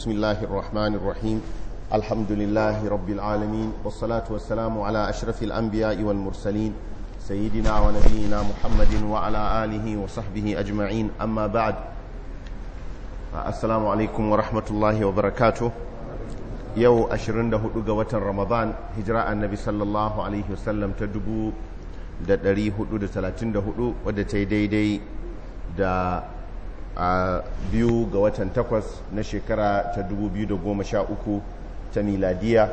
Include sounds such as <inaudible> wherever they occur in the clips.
بسم الله الرحمن الرحيم الحمد لله رب العالمين والصلاة والسلام على أشرف الأنبياء والمرسلين سيدنا ونبينا محمد وعلى آله وصحبه أجمعين أما بعد السلام عليكم ورحمة الله وبركاته يو أشرن ده قوة رمضان هجراء النبي صلى الله عليه وسلم تدبو da 434 wadda ta yi daidai da a biyu ga watan takwas na shekara ta 2013 ta miladiya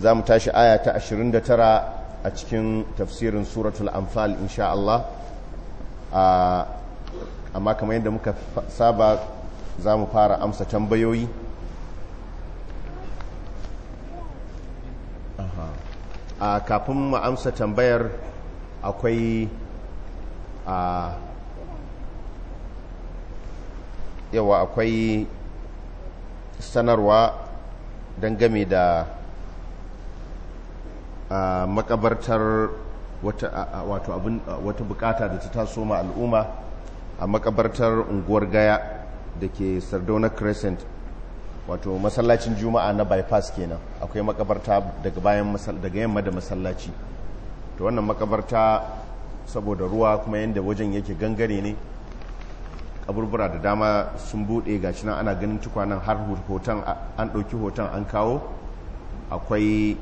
za mu tashi aya ta 29 a cikin tafsirin suratul amfal insha Allah amma kamar yadda muka saba za mu fara amsa tambayoyi kafin mu amsa tambayar akwai a yawa akwai sanarwa don game da makabartar wata bukata da ta taso ma al'umma a makabartar unguwar gaya da ke sardauna crescent wato masallacin juma'a na bypass kenan akwai makabarta daga bayan daga yamma da masallaci to wannan makabarta saboda ruwa kuma yadda wajen yake gangare ne kaburbura da dama sun buɗe ga nan ana ganin tukwanan har hoton an ɗauki hoton an kawo akwai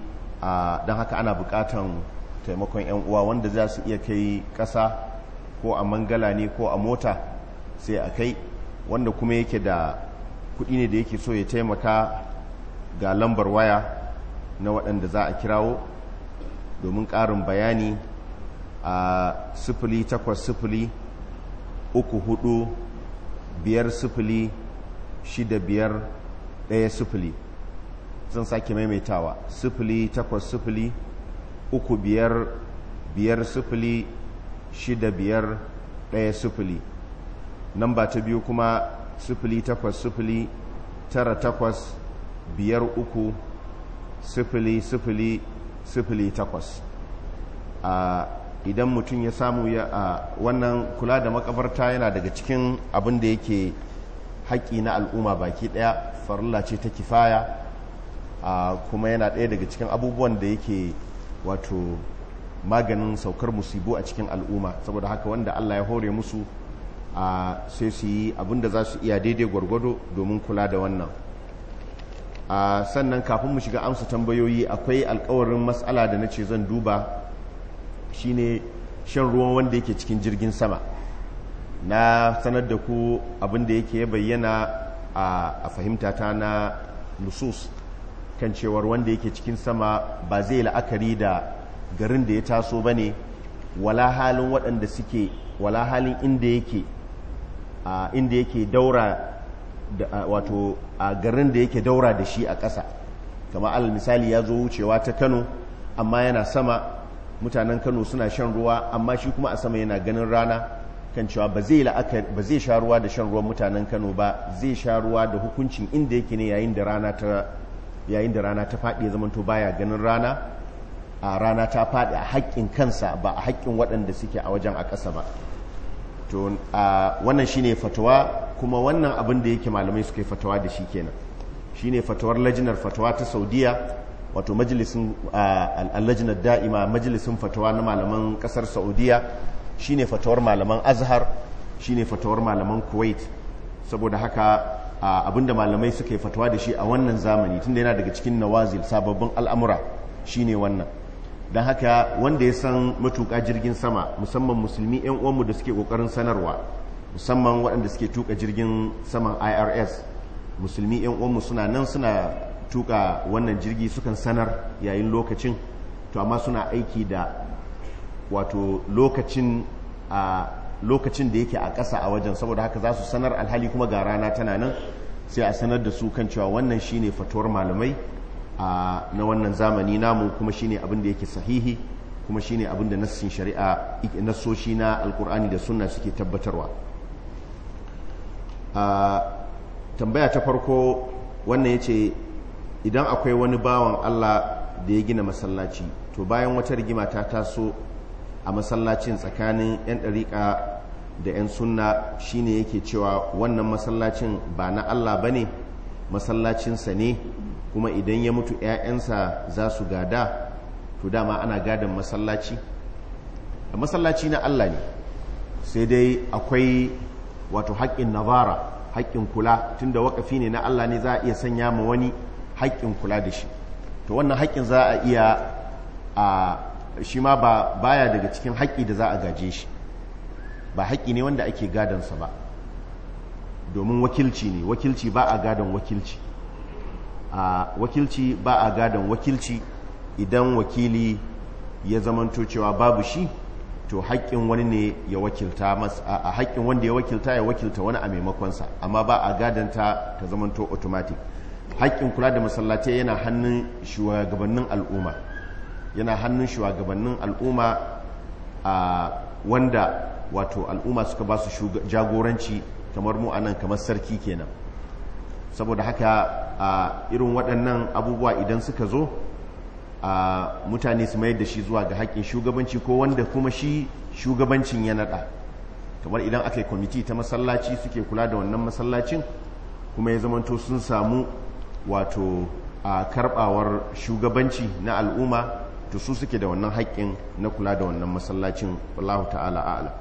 don haka ana buƙatan taimakon 'yan uwa wanda za su iya kai ƙasa ko a mangala ne ko a mota sai a kai wanda kuma yake da kuɗi ne da yake so ya taimaka ga lambar waya na waɗanda za a kirawo domin ƙarin bayani a sifili takwas sifili uku hudu biyar sufuli shida biyar ɗaya sufuli zan sake maimaitawa sifili takwas sufuli uku biyar biyar sufuli shida biyar ɗaya nan ba ta biyu kuma sifili takwas sufuli tara takwas biyar uku sufuli sufuli sufuli takwas a ah, idan mutum ya samu ya a wannan kula da makabarta yana daga cikin abin da yake haƙƙi na al'umma baki ɗaya farilla ce ta kifaya a kuma yana ɗaya daga cikin abubuwan da yake wato maganin saukar musibu a cikin al'umma saboda haka wanda Allah ya hore musu a sai su yi abin da za su iya daidai gwargwado domin kula da wannan a sannan kafin mu shiga amsa tambayoyi akwai alkawarin matsala da na ce zan duba shine shan ruwan wanda yake cikin jirgin sama na sanar da ku abin da yake bayyana a fahimta ta na nusus kan cewar wanda yake cikin sama ba zai la'akari da garin da ya taso ba ne wala halin waɗanda suke wala halin inda yake inda yake daura wato a garin da yake daura da shi a ƙasa kama alal misali ya zo wucewa ta kano amma yana sama mutanen kano suna shan ruwa amma shi kuma a sama yana ganin rana kan cewa ba zai sha ruwa da shan ruwan mutanen kano ba zai sha ruwa da hukuncin inda yake ne yayin da rana ta faɗi ya zamanto baya ganin rana a rana ta faɗi a haƙƙin kansa ba a haƙƙin waɗanda suke a wajen a ƙasa ba to wannan wannan shine fatawa kuma wannan abin da yake malamai suka yi fatawa da shi kenan shine fatawar lajinar fatawa ta saudiya wato majalisun allajinar da'ima majalisun fatawa na malaman kasar saudiya shine fatawar malaman azhar shine fatawar malaman kuwait saboda haka abinda malamai suka yi fatawa da shi a wannan zamani tunda yana daga cikin nawazil sababbin al'amura shine wannan don haka wanda ya san matuƙa jirgin sama musamman musulmi 'yan uwanmu da suke ƙoƙarin sanarwa musamman waɗanda suke tuka jirgin saman irs musulmi 'yan uwanmu suna nan suna tuka wannan jirgi sukan sanar yayin lokacin to amma suna aiki da wato lokacin a lokacin da yake a ƙasa a wajen saboda haka za su sanar alhali kuma ga rana tana nan sai a sanar da su kan cewa wannan shine fatuwar malamai na wannan zamani namu kuma shine abin da yake sahihi kuma shine abin da nassin shari'a nassoshi na alkur'ani da sunna suke tabbatarwa tambaya ta farko wannan yace idan akwai wani bawan Allah da ya gina masallaci to bayan wata rigima ta taso a masallacin tsakanin 'yan ɗariƙa da 'yan sunna shine yake cewa wannan masallacin ba na Allah ba ne masallacinsa ne kuma idan ya mutu 'ya'yansa za su gada to dama ana gadon masallaci masallaci na Allah ne sai dai akwai wato haƙƙin nazara haƙƙin kula tunda waƙafi ne na Allah ne za a iya sanya ma wani haƙƙin kula da shi to wannan haƙƙin za a iya a shi ma ba baya daga cikin haƙƙi da za a gaje shi ba haƙƙi ne wanda ake gadonsa ba domin wakilci ne wakilci ba a gadon wakilci a wakilci ba a gadon wakilci idan wakili ya zamanto cewa babu shi to haƙƙin wani ne ya wakilta masa a haƙƙin wanda ya wakilta ya wakilta wani a maimakonsa amma ba a gadanta ta zamanto automatic haƙƙin kula da masallaci yana hannun shugabannin al'umma yana hannun shugabannin al'umma a wanda wato al'umma suka ba su jagoranci kamar mu anan kamar sarki kenan saboda haka a irin waɗannan abubuwa idan suka zo a mutane su mayar da shi zuwa ga haƙƙin shugabanci ko wanda kuma shi shugabancin ya naɗa kamar idan aka yi kwamiti ta masallaci suke kula da wannan masallacin kuma ya zamanto sun samu wato a karbawar shugabanci na al'umma to su suke da wannan haƙƙin na kula da wannan masallacin wallahu ta'ala a'ala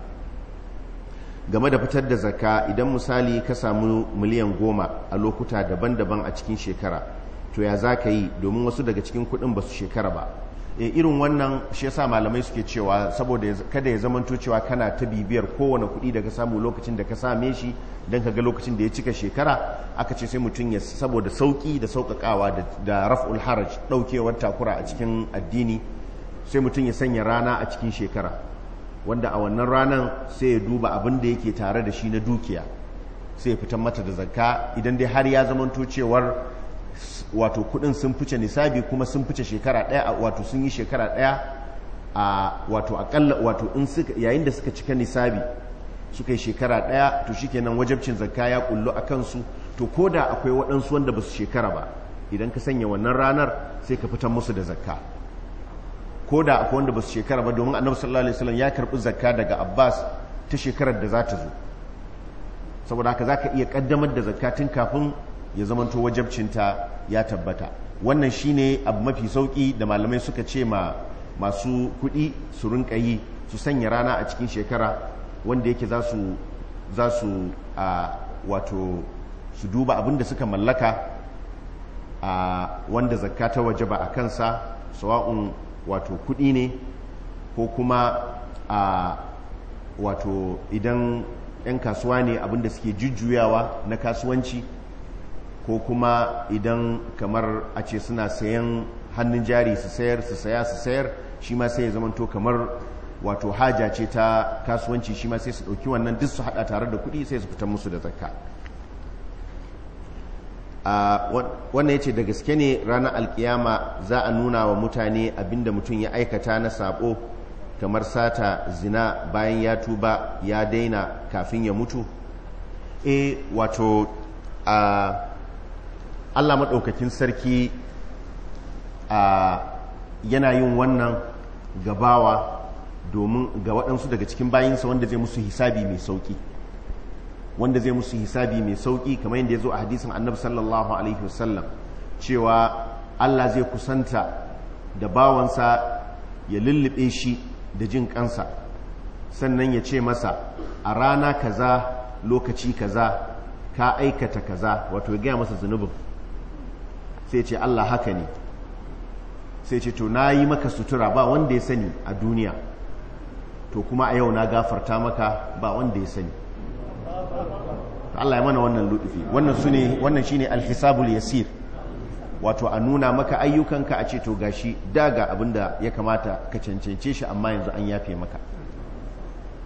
game da fitar da zakka idan misali ka samu miliyan goma a lokuta daban-daban a cikin shekara to ya za ka yi domin wasu daga cikin kuɗin ba su shekara ba Eh, irin wannan shi yasa malamai suke cewa saboda kada ya zamanto cewa kana ta bibiyar kowane kuɗi da samu lokacin da ka same shi don ka ga lokacin da ya cika shekara aka ce sai mutum ya saboda sauƙi da sauƙaƙawa da raf'ul haraj ɗaukewar takura a cikin addini sai mutum ya sanya rana a cikin shekara wanda a wannan ranar sai ya duba abin da yake tare da shi na dukiya sai ya fitan mata da zakka idan dai har ya zamanto cewar wato kudin sun fice nisabi kuma sun fice shekara daya wato sun yi shekara daya a wato akalla wato in suka yayin da suka cika nisabi suka yi shekara daya to shikenan wajabcin zakka ya kullu a kansu to koda akwai waɗansu wanda ba su shekara ba idan ka sanya wannan ranar sai ka fitar musu da zakka koda akwai wanda ba shekara ba domin annabi sallallahu alaihi wasallam ya karbi zakka daga Abbas ta shekarar da za ta zo saboda haka zaka iya kaddamar da zakka tun kafin ya zamanto wajabcinta ya tabbata wannan shine abu mafi sauki da malamai suka ce ma masu kuɗi su rinka yi su sanya rana a cikin shekara wanda yake za su za su wato su duba abin da suka mallaka a wanda zakka ta waje ba a kansa sawa'un wato kuɗi ne ko kuma a wato idan 'yan kasuwa ne abin da suke jujjuyawa na kasuwanci ko kuma idan kamar a ce suna sayan hannun jari su sayar su saya su sayar shi ma sai ya zamanto kamar wato haja ce ta kasuwanci shi ma sai su ɗauki wannan duk su haɗa tare da kuɗi sai su fitar musu da zakka wannan ya ce da gaske ne ranar alkiyama za a nuna wa mutane abinda mutum ya aikata na sabo kamar sata zina bayan ya tuba ya daina kafin ya mutu e wato Allah maɗaukakin sarki yana yin wannan gabawa domin ga waɗansu daga cikin bayinsa wanda zai musu hisabi mai sauƙi wanda zai musu hisabi mai sauƙi kamar yadda ya zo a hadisin annabi sallallahu alaihi wasallam cewa Allah zai kusanta da bawansa ya lullube shi da jin kansa sannan ya ce masa a rana kaza lokaci kaza ka aikata kaza wato ya gaya masa zunubin sai ce Allah haka ne sai ce to na yi maka sutura ba wanda ya sani a duniya to kuma a yau na gafarta maka ba wanda ya sani Allah ya mana wannan lutufi wannan su ne wannan shi ne alhisabul yasir wato a nuna maka ayyukanka a ce to gashi daga abinda ya kamata ka cancance shi amma yanzu an yafe maka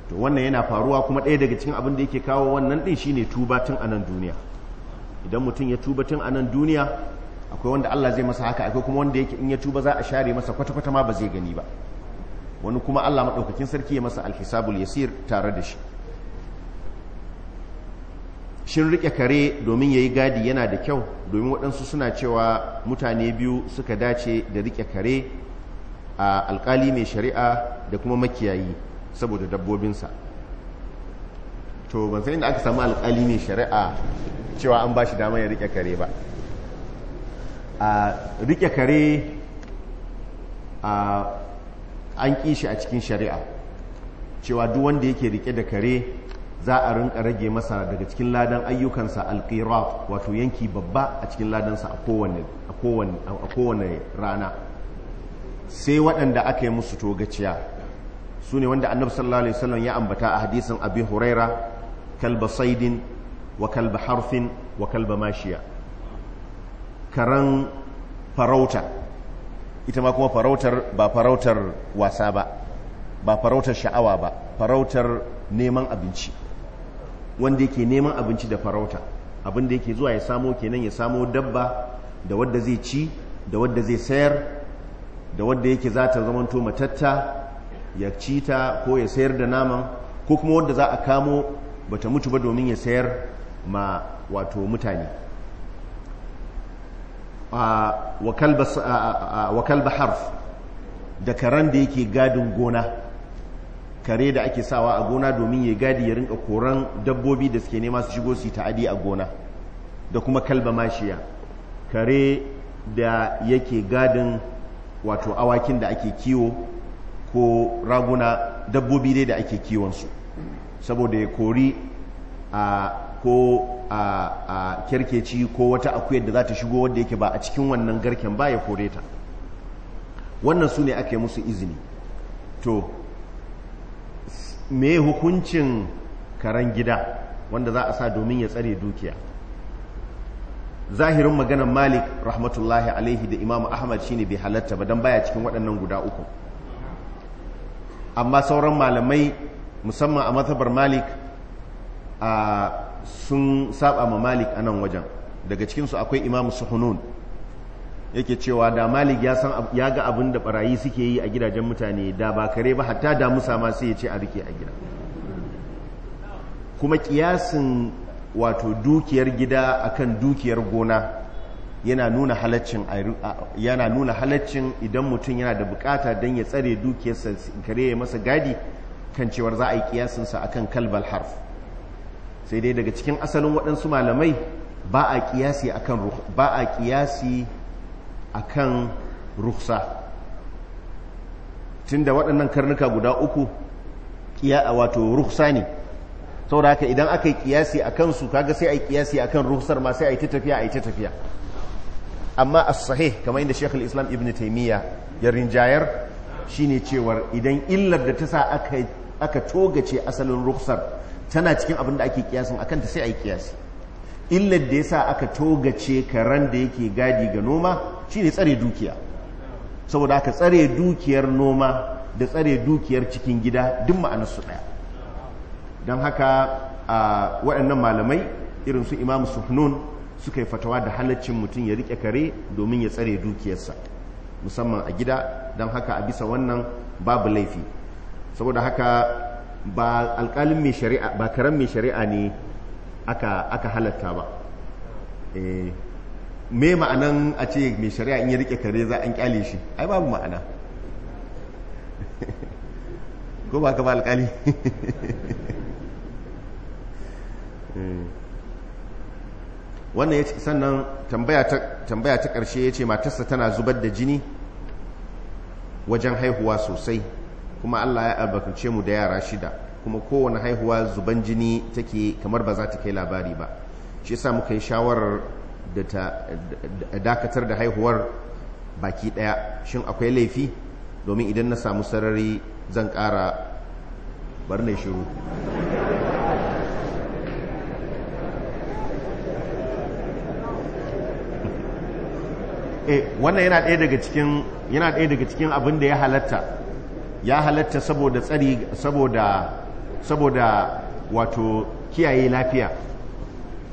to wannan yana faruwa kuma ɗaya daga cikin abin da yake kawo wannan ɗin shine tuba tun anan nan duniya idan mutum ya tuba tun a duniya akwai wanda Allah zai masa haka akwai kuma wanda yake in ya tuba za a share masa kwata-kwata ma ba zai gani ba wani kuma Allah maɗaukakin sarki ya masa alhisabul yasir tare da shi shin rike kare domin ya yi gadi yana da kyau domin waɗansu suna cewa mutane biyu suka dace da rike kare a alkali mai shari'a da kuma makiyayi saboda dabbobinsa to ban san inda aka samu alkali mai shari'a cewa an ba shi dama ya rike kare ba a rike kare an kishi a cikin shari'a cewa duk wanda yake rike da kare za a rinka rage masa daga cikin ladan ayyukansa alkiraf wato yanki babba a cikin ladansa a kowane rana sai waɗanda aka yi musu togaciya su ne wanda annabi sallallahu alaihi wasallam ya ambata a hadisin abi huraira kalba saidin wa kalba harfin wa kalba mashiya karen farauta ita ma kuma farautar ba farautar wasa ba ba farautar sha'awa ba farautar neman abinci wanda yake neman abinci da farauta abinda yake zuwa ya samo kenan ya samo dabba da wadda zai ci da wadda zai sayar da wadda yake za ta zamanto matatta ya ci ta ko ya sayar da naman ko kuma wadda za a kamo bata mutu ba domin ya sayar ma wato mutane wa kalba harf da karen da yake gadin gona kare da ake sawa a gona domin ya gadi ya rinka koran dabbobi da suke nema su shigo su yi ta'adi a gona da kuma kalba mashiya kare da yake gadin wato awakin da ake kiwo ko raguna dabbobi dai da ake kiwonsu saboda ya kori a ko a kerkeci ko wata akuyar da za ta shigo wanda yake ba a cikin wannan garken ba ya kore ta wannan su ne aka yi musu izini to me hukuncin karen gida wanda za a sa domin ya tsare dukiya zahirin maganar malik rahmatullahi alaihi da imamu ahmad shine bai halatta ba don baya cikin waɗannan guda uku amma sauran malamai musamman a matsabar malik a sun saba ma malik a nan wajen daga cikinsu akwai imamu suhunun yake cewa da malik ya ya ga abin da barayi suke yi a gidajen mutane da ba kare ba hatta da musa ma sai ya ce a rike a gida kuma kiyasin wato dukiyar gida akan dukiyar gona yana nuna halaccin idan mutum yana da bukata don ya tsare dukiyarsa kare ya masa gadi kan cewar za a yi kiyasinsa akan kalbal harf sai dai daga cikin asalin waɗansu malamai ba a kiyasi akan ba a kiyasi akan rukhsa tunda waɗannan karnuka guda uku ƙiya a wato rukhsa ne saboda haka idan aka yi ƙiyasi a kansu kaga sai a yi kiyasi a kan ma sai a yi ta tafiya a yi ta tafiya amma a sahih kamar inda shekul islam ibn taimiyya ya rinjayar shine cewar idan illar da ta sa aka togace asalin ruksar. tana cikin abin da ake kiyasin akan ta sai a yi kiyasi illar da ya sa aka togace karen da yake gadi ga noma shi ne tsare dukiya saboda aka tsare dukiyar noma da tsare dukiyar cikin gida duk su ɗaya don haka a waɗannan malamai irin su imamu suhnun suka yi fatawa da halaccin mutum ya riƙe kare domin ya tsare dukiyarsa musamman a gida don haka a bisa wannan babu laifi saboda haka ba alƙalin mai shari'a ba karen mai shari'a ne aka halatta ba eh, me ma'anan a ce mai shari'a in ya rike kare za an kyale shi ai babu ma'ana <laughs> ko ba ka ba alƙali <laughs> eh. wannan ya ce sannan tambaya ta ƙarshe ya ce matarsa tana zubar da jini wajen haihuwa sosai kuma Allah ya albarkace mu da yara shida kuma kowane haihuwa zuban jini take kamar ba za ta kai labari ba shi yasa muka yi shawarar da ta dakatar da haihuwar baki daya shin akwai laifi domin idan na samu sarari zan kara bar na shiru <laughs> eh, wannan yana ɗaya daga cikin yana ɗaya daga cikin abin da ya halatta ya halatta saboda tsari saboda saboda wato kiyaye lafiya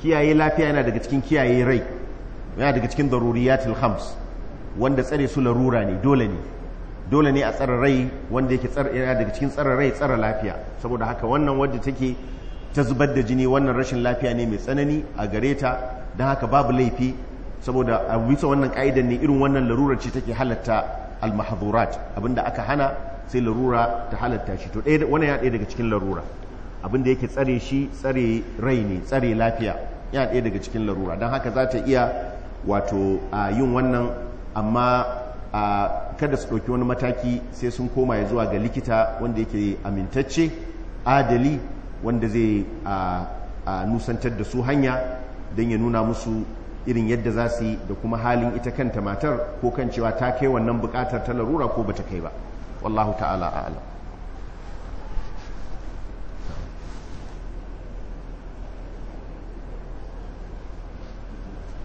kiyaye lafiya yana daga cikin kiyaye rai yana daga cikin daruriyatul khams wanda tsare su larura ne dole ne dole ne a tsare rai wanda yake yana daga cikin tsare rai tsare lafiya saboda haka wannan wadda take ta zubar da jini wannan rashin lafiya ne mai tsanani a gare ta don haka babu laifi saboda a bisa wannan ka'idan ne irin wannan larurar ce take halatta al-mahdhurat abinda aka hana sai larura ta halatta shi to wani ya ɗaya daga cikin larura abin da yake tsare shi tsare rai ne tsare lafiya ya ɗaya daga cikin larura don haka za ta iya wato yin wannan amma kada su ɗauki wani mataki sai sun koma ya zuwa ga likita wanda yake amintacce adali wanda zai nusantar da su hanya don ya nuna musu irin yadda za su yi da kuma halin ita kanta matar ko kan cewa ta kai wannan bukatar ta larura ko bata kai ba والله تعالى أعلم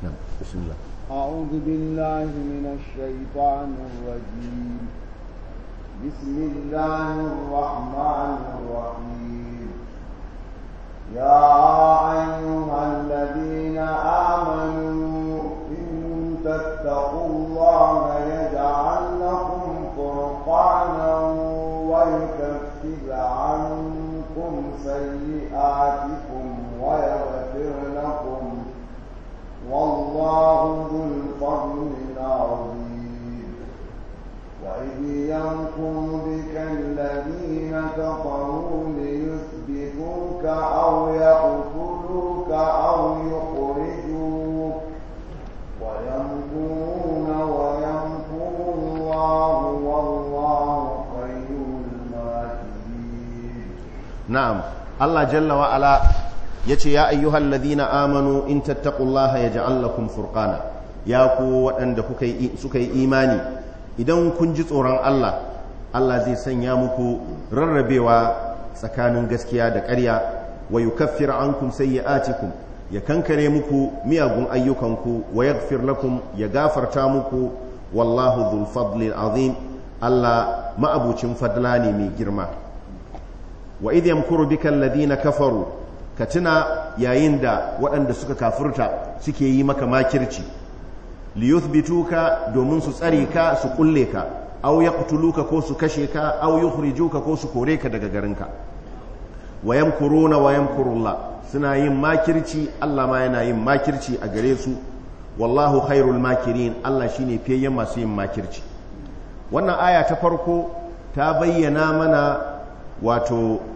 نعم بسم الله أعوذ بالله من الشيطان الرجيم بسم الله الرحمن الرحيم Allah jalla wa ala yace ya ayyuhal ladina amanu in tattaqullaha yaj'al lakum furqana ya ku waɗanda kuka yi suka yi imani idan kun ji tsoron Allah Allah zai sanya muku rarrabewa tsakanin gaskiya da ƙarya wa yukaffir ankum sayyi'atikum ya kankare muku miyagun ayyukanku wa yaghfir lakum ya gafarta muku wallahu dhul fadli azim Allah ma'abucin fadla ne mai girma wa idh yamkuru bika alladhina kafaru ka tuna yayin da waɗanda suka kafurta suke yi maka makirci li yuthbituka domin su tsare ka su kulle ka aw yaqtuluka ko su kashe ka aw yukhrijuka ko su kore ka daga garin garinka wa yamkuruna wa yamkurullah suna yin makirci Allah ma yana yin makirci a gare su wallahu khairul makirin Allah shine fiyayyen masu yin makirci wannan aya ta farko ta bayyana mana wato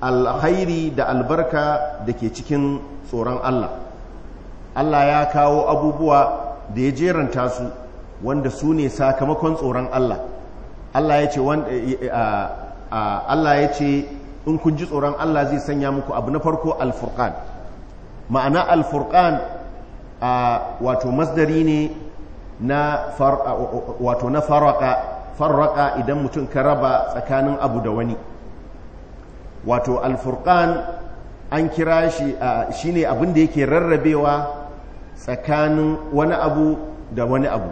Alhairi da albarka da ke cikin tsoron Allah Allah ya kawo abubuwa da ya jeranta su wanda su ne sakamakon tsoron Allah Allah ya ce eh, eh, eh, ah, ah, in kun ji tsoron Allah zai sanya muku abu na farko alfurqan ma'ana alfurqan ah, wato masdari ne na wato na faraka farraka idan mutum ka raba tsakanin abu da wani wato alfurkan an kira shi ne abin da yake rarrabewa tsakanin wani abu da wani abu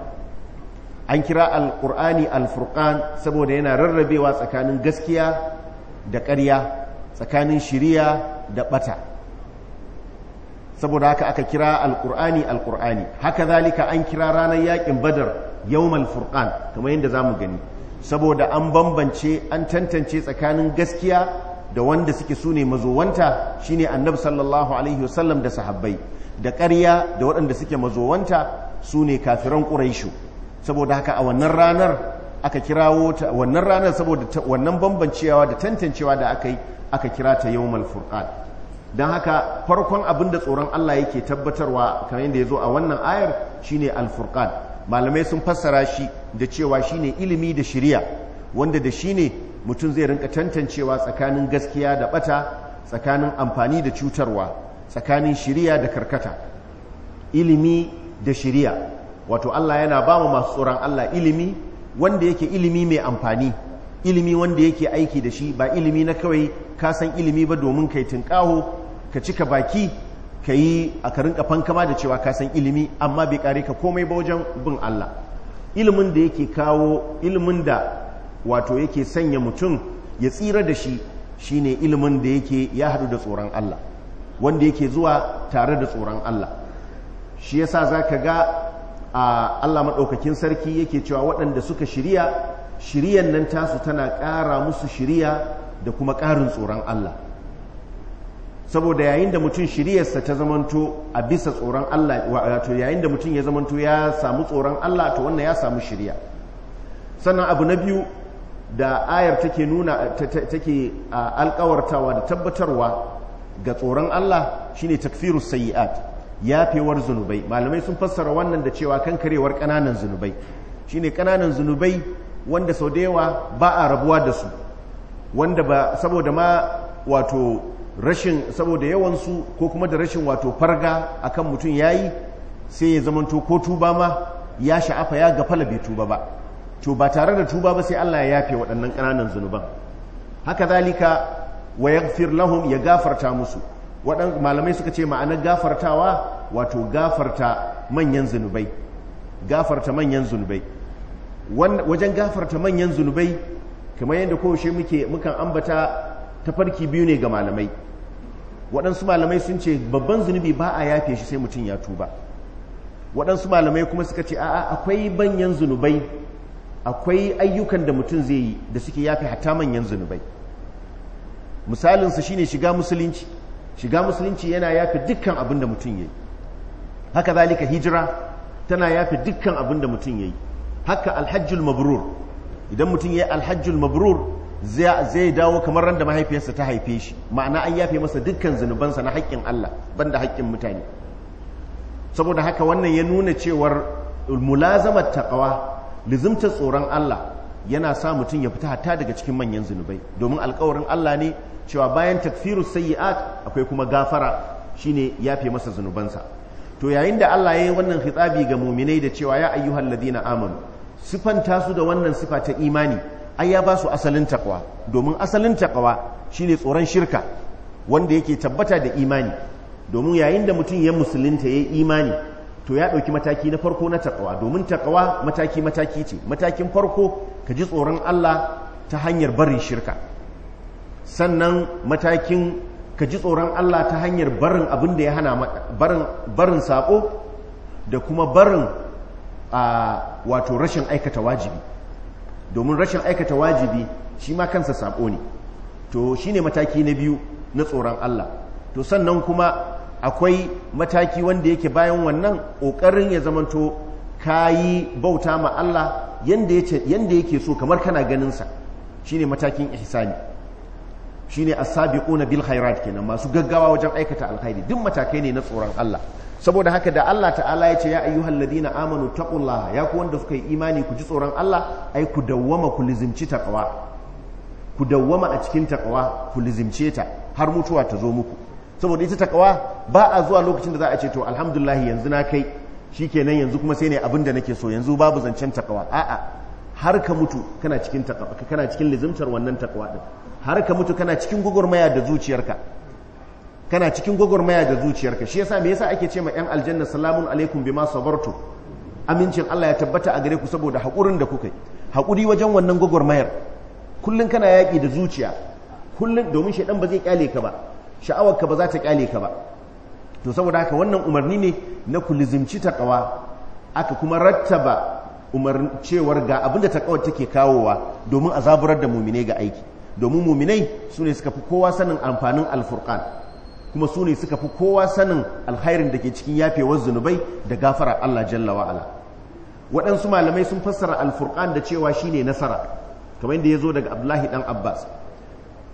an kira alkur'ani alfurkan saboda yana rarrabewa tsakanin gaskiya da ƙarya tsakanin shiriya da ɓata saboda haka aka kira alkur'ani alkur'ani haka zalika an kira ranar yakin badar yawmal furqan kamar yadda za mu gani saboda an bambance an tantance tsakanin gaskiya da wanda suke su ne mazowanta shine annabi sallallahu alaihi wasallam da sahabbai da karya da waɗanda suke mazowanta su ne kafiran ƙuraishu saboda haka a wannan ranar aka kirawo wannan ranar saboda wannan bambancewa da tantancewa da aka yi aka kira ta yau furqan don haka farkon abin da tsoron Allah yake tabbatarwa kamar yadda ya zo a wannan ayar shine alfurqan malamai sun fassara shi da cewa shine ilimi da shiriya wanda da shi ne. mutum zai rinka tantancewa tsakanin gaskiya da bata tsakanin amfani da cutarwa tsakanin shiriya da karkata ilimi da shiriya wato Allah yana ba mu masu tsoron Allah ilimi wanda yake ilimi mai amfani ilimi wanda yake aiki da shi ba ilimi na kawai ka san ilimi ba domin kai tunƙaho ka cika baki ka yi a ka rinka fankama da cewa ka san ilimi amma bai kare ka komai ba wajen bin Allah ilimin da yake kawo ilimin da wato yake sanya mutum ya tsira da shi shine ilimin da yake ya haɗu da tsoron Allah wanda yake zuwa tare da tsoron Allah shi yasa zaka ga a Allah maɗaukakin sarki yake cewa waɗanda suka shirya shiryan nan tasu tana ƙara musu shirya da kuma ƙarin tsoron Allah saboda yayin da mutum shiryarsa ta zamanto a bisa tsoron Allah wato yayin da mutum ya zamanto ya samu tsoron Allah to wannan ya samu shirya sannan abu na biyu da ayar take nuna take alkawartawa da tabbatarwa ga tsoron Allah shine takfirus sayi'at yafewar zunubai malamai sun fassara wannan da cewa kan karewar ƙananan zunubai shine ƙananan zunubai wanda sau da yawa ba a rabuwa da su wanda ba saboda ma wato rashin saboda yawansu ko kuma da rashin wato farga akan mutum yayi sai ya zamanto ko tuba ma ya sha'afa ya gafala bai tuba ba to ba tare da tuba ba sai Allah ya yafe waɗannan ƙananan zunuban haka zalika wa yaghfir lahum ya gafarta musu waɗan malamai suka ce ma'anar gafartawa wato gafarta manyan zunubai gafarta manyan zunubai wajen gafarta manyan zunubai kamar yadda kowace muke mukan ambata ta farki biyu ne ga malamai waɗansu malamai sun ce babban zunubi ba a yafe shi sai mutum ya tuba waɗansu malamai kuma suka ce a'a akwai manyan zunubai akwai ayyukan da mutum zai yi da suke yafi hatta manyan zunubai misalinsa shine shiga musulunci shiga musulunci yana yafi dukkan abin da mutum ya yi haka zalika hijira tana yafi dukkan abin da mutum ya yi haka alhajjul mabrur idan mutum ya yi alhajjul mabrur zai dawo kamar randa mahaifiyarsa ta haife shi ma'ana an yafe masa dukkan zunubansa na haƙƙin Allah banda haƙƙin mutane saboda haka wannan ya nuna cewar mulazamar taqwa lizimtar tsoron Allah yana sa mutum ya fita hatta daga cikin manyan zunubai domin alkawarin Allah ne cewa bayan takfiru sayyi'at akwai kuma gafara shine yafe masa zunubansa to yayin da Allah ya yi wannan hitsabi ga muminai da cewa ya ayyuhal ladina amanu sifanta su da wannan sifa ta imani ai ya ba su asalin takwa domin asalin takwa shine tsoron shirka wanda yake tabbata da imani domin yayin da mutum ya musulunta ya yi imani to ya ɗauki mataki na farko na taƙawa domin taƙawa mataki-mataki ce matakin farko ka ji tsoron Allah ta hanyar barin shirka sannan matakin ka ji tsoron Allah ta hanyar barin abin da ya hana barin saƙo da kuma barin a wato rashin aikata wajibi domin rashin aikata wajibi shi ma kansa saƙo ne to shi ne mataki na biyu na tsoron Allah to sannan kuma akwai mataki wanda yake bayan wannan ƙoƙarin ya zamanto ka yi bauta ma Allah yadda yake so kamar kana ganinsa shine matakin ihsani shine as-sabiquna bil khairat kenan masu gaggawa wajen aikata alkhairi duk matakai ne na tsoron Allah saboda haka da Allah ta'ala ya ce ya ayyuhal ladina amanu taqullaha ya ku wanda suka yi imani ku ji tsoron Allah ai ku dawwama ku lizimci taqwa ku dawwama a cikin taqwa ku lizimce ta har mutuwa ta zo muku saboda ita takawa ba a zuwa lokacin da za a ce to alhamdulillah yanzu na kai shikenan yanzu kuma sai ne abin da nake so yanzu babu zancen takawa a'a har ka mutu kana cikin takawa lizimtar wannan takawa din har ka mutu kana cikin gogormaya da zuciyarka kana cikin gwagwarmaya da zuciyarka shi yasa me yasa ake ce ma yan aljanna salamun alaikum bima sabartu amincin Allah ya tabbata a gare ku saboda hakurin da kuka yi hakuri wajen wannan gwagwarmayar kullun kana yaki da zuciya kullun domin shaidan ba zai kyale ka ba sha'awarka ba za ta kyale ka ba to saboda haka wannan umarni ne na kulizimci kawa aka kuma rattaba umarni cewar ga abinda ta kawar take kawowa domin a zaburar da mu'mine ga aiki domin mu'minai ne suka fi kowa sanin amfanin alfurkan, kuma su ne suka fi kowa sanin alhairin da ke cikin yafewar zunubai da gafara Allah jalla wa waɗansu malamai sun fassara alfurkan da cewa shi ne nasara kamar yadda ya zo daga Abdullahi ɗan Abbas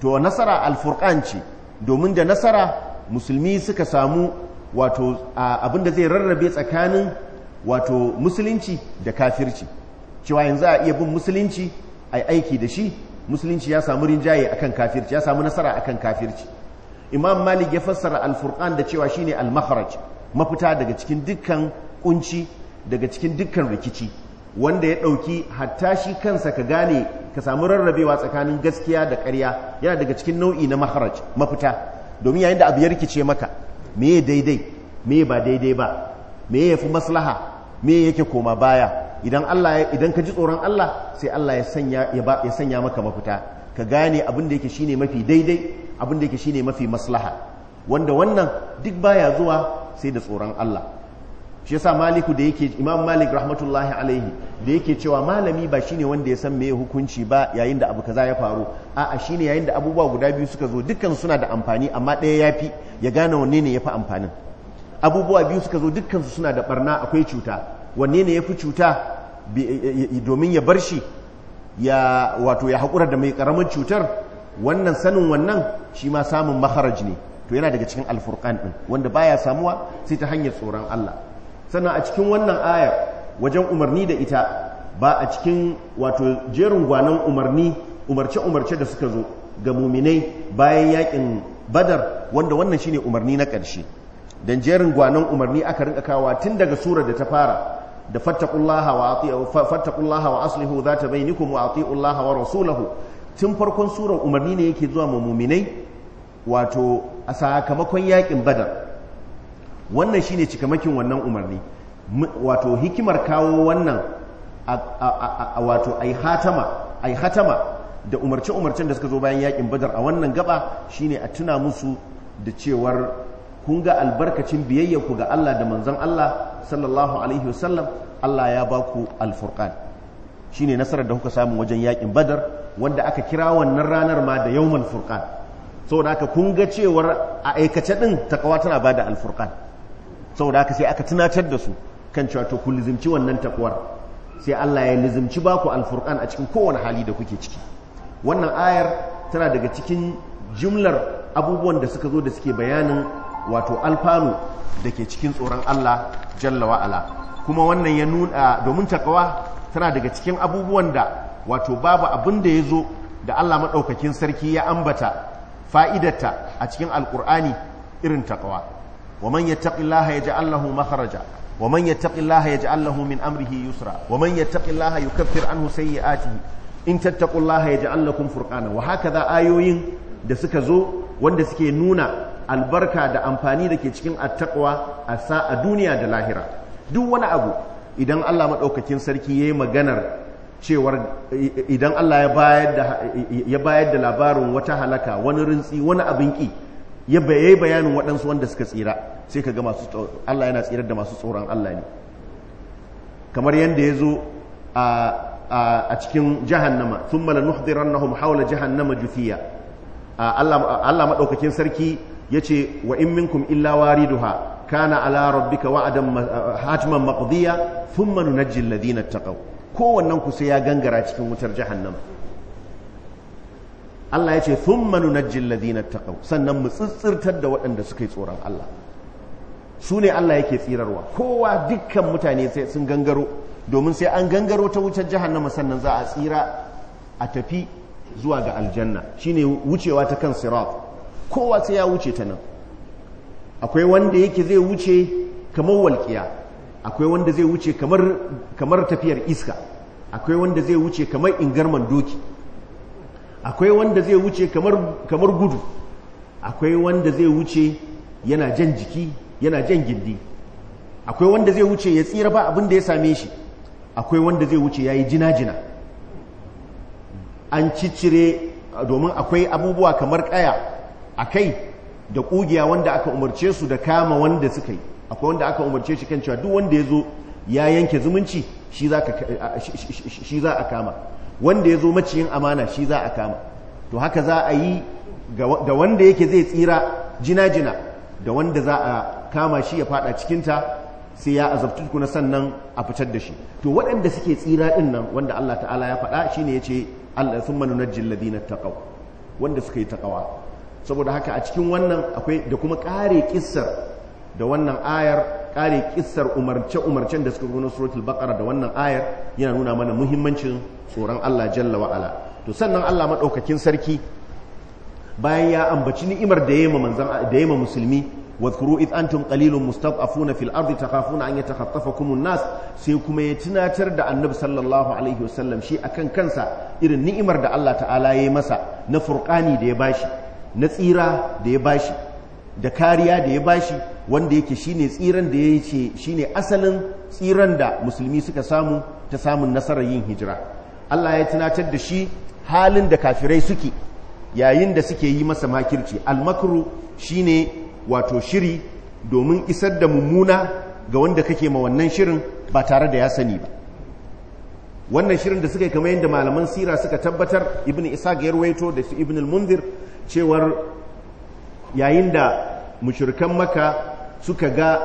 to nasara alfurkan ce domin da nasara musulmi suka samu wato abinda zai rarrabe tsakanin wato musulunci da kafirci cewa yanzu a iya bin musulunci a aiki da shi musulunci ya samu rinjaye akan kafirci ya samu nasara akan kafirci imam malik ya fassara alfurqan da cewa shine al-makharaj mafita daga cikin dukkan kunci daga cikin dukkan rikici wanda ya ɗauki hatta shi kansa ka gane ka samu rarrabewa tsakanin gaskiya da ƙarya yana daga cikin nau'i na maharaj mafita domin yayin da abu ya rikice maka me ya daidai me ba daidai ba me ya fi maslaha me yake koma baya idan Allah idan ka ji tsoron Allah sai Allah ya sanya maka mafita ka gane abin da yake shine mafi daidai abin da yake shine mafi maslaha wanda wannan duk baya zuwa sai da tsoron Allah shi yasa maliku da yake imam malik rahmatullahi alaihi da yake cewa malami ba shine wanda ya san meye hukunci ba yayin da abu kaza ya faru a'a shine yayin da abubuwa guda biyu suka zo dukkan suna da amfani amma ɗaya fi ya gane wanne ne yafi amfanin abubuwa biyu suka zo dukkan su suna da barna akwai cuta wanne ne yafi cuta domin ya bar shi ya wato ya haƙura da mai ƙaramin cutar wannan sanin wannan shi ma samun maharaj ne to yana daga cikin alfurkan din wanda baya samuwa sai ta hanyar tsoron Allah sannan a cikin wannan ayar wajen umarni da ita ba a cikin wato jerin gwanon umarni umarce-umarce da suka zo ga muminai bayan yakin badar wanda wannan shine umarni na ƙarshe don jerin gwanon umarni aka rinka kawa tun daga sura da ta fara da fattakullaha wa aslihu za ta bainikum wa ati'ullaha wa rasulahu tun farkon surar umarni ne yake zuwa ma muminai wato a sakamakon yakin badar wannan shi ne cikamakin wannan umarni wato hikimar kawo wannan wato ai hatama ai hatama da umarce-umarcen da suka zo bayan yakin badar a wannan gaba shi ne a tuna musu da cewar kun ga albarkacin biyayya ga Allah da manzan Allah sallallahu alaihi wasallam Allah ya ba ku Shi ne nasarar da kuka samu wajen yakin badar wanda aka kira wannan ranar ma da yawmal furqan saboda haka kun ga cewar a aikace din takawa tana bada alfurkan saboda haka sai aka tunatar da su kan cewa to ku lizimci wannan takwar sai Allah ya lizimci ba ku alfurqan a cikin kowane hali da kuke ciki wannan ayar tana daga cikin jumlar abubuwan da suka zo da suke bayanin wato alfanu da ke cikin tsoron Allah jalla wa'ala kuma wannan ya nuna domin takawa tana daga cikin abubuwan da wato babu abin da ya zo da Allah maɗaukakin sarki ya ambata fa'idarta a cikin alƙur'ani irin takawa ومن يتق الله يجعل له مخرجا ومن يتق الله يجعل له من أمره يسرا ومن يتق الله يكفر عنه سيئاته إن تتقوا الله يجعل لكم فرقانا وهكذا آيوين da suka zo wanda suke nuna albarka da amfani da ke cikin attaqwa a sa a duniya da lahira duk wani abu idan Allah madaukakin sarki yayi maganar cewar idan Allah ya bayar da labarin wata halaka wani rintsi wani abin ƙi. ya bayayi bayanin waɗansu wanda suka tsira sai ka ga masu Allah yana tsirar da masu tsoron Allah ne kamar yadda ya zo a cikin jahannama thumma lanuhdirannahum hawla jahannama jufiya Allah Allah sarki ya ce wa in minkum illa duha kana ala rabbika wa'adan hatman maqdiya thumma nunajji alladhina taqaw kowannen ku sai ya gangara cikin wutar jahannama Allah ya ce sun thumma nunajji alladhina taqaw sannan mu tsitsirtar da waɗanda suka yi tsoron Allah su ne Allah yake tsirarwa kowa dukkan mutane sai sun gangaro domin sai an gangaro ta wutar jahannama sannan za a tsira a tafi zuwa ga aljanna shine wucewa ta kan sirat kowa sai ya wuce ta nan akwai wanda yake zai wuce kamar walƙiya akwai wanda zai wuce kamar tafiyar iska akwai wanda zai wuce kamar ingarman doki akwai wanda zai wuce kamar gudu akwai wanda zai wuce yana jan jiki yana jan gindi akwai wanda zai wuce ya tsira ba abin da ya same shi akwai wanda zai wuce ya yi jina-jina an cicire domin akwai abubuwa kamar kaya a kai da kugiya wanda aka umarce su da kama wanda suka yi akwai wanda aka umarce shi kan cewa duk wanda ya zo ya yanke zumunci shi za a kama wanda ya zo maciyin amana shi za a kama to haka za a yi da wanda yake zai tsira jina-jina da wanda za a kama shi ya fada cikinta sai ya azabtu kuna sannan a fitar da shi to waɗanda suke tsira ɗin nan wanda Allah ta'ala ya faɗa shine ya ce Allah sun manu na jilladina taƙau wanda suka yi taƙawa saboda haka a cikin wannan akwai da kuma ƙare ƙissar da wannan ayar ƙare ƙissar umarce-umarcen da suka gano suratul baƙara da wannan ayar yana nuna mana muhimmancin tsoron Allah jalla wa'ala to sannan Allah maɗaukakin sarki bayan ya ambaci ni'imar da ya manzan da ya musulmi wadhkuru id antum qalilun mustad'afuna fil ardi takhafuna an yatakhatafakum an-nas sai kuma ya tunatar da annabi sallallahu alaihi wasallam shi akan kansa irin ni'imar da Allah ta'ala ya masa na furqani da ya bashi na tsira da ya bashi da kariya da ya bashi wanda yake shine tsiran da yace shine asalin tsiran da musulmi suka samu ta samun nasarar yin hijira Allah ya tunatar da shi halin da kafirai suke yayin da suke yi masa makirci almakru shine wato shiri domin isar da mummuna ga wanda kake ma wannan shirin ba tare da ya sani ba wannan shirin da suka yi kamar yadda malaman sira suka tabbatar ibn isa ga Yarwaito da su ibn al-munzir cewar yayin da mushrikan maka suka ga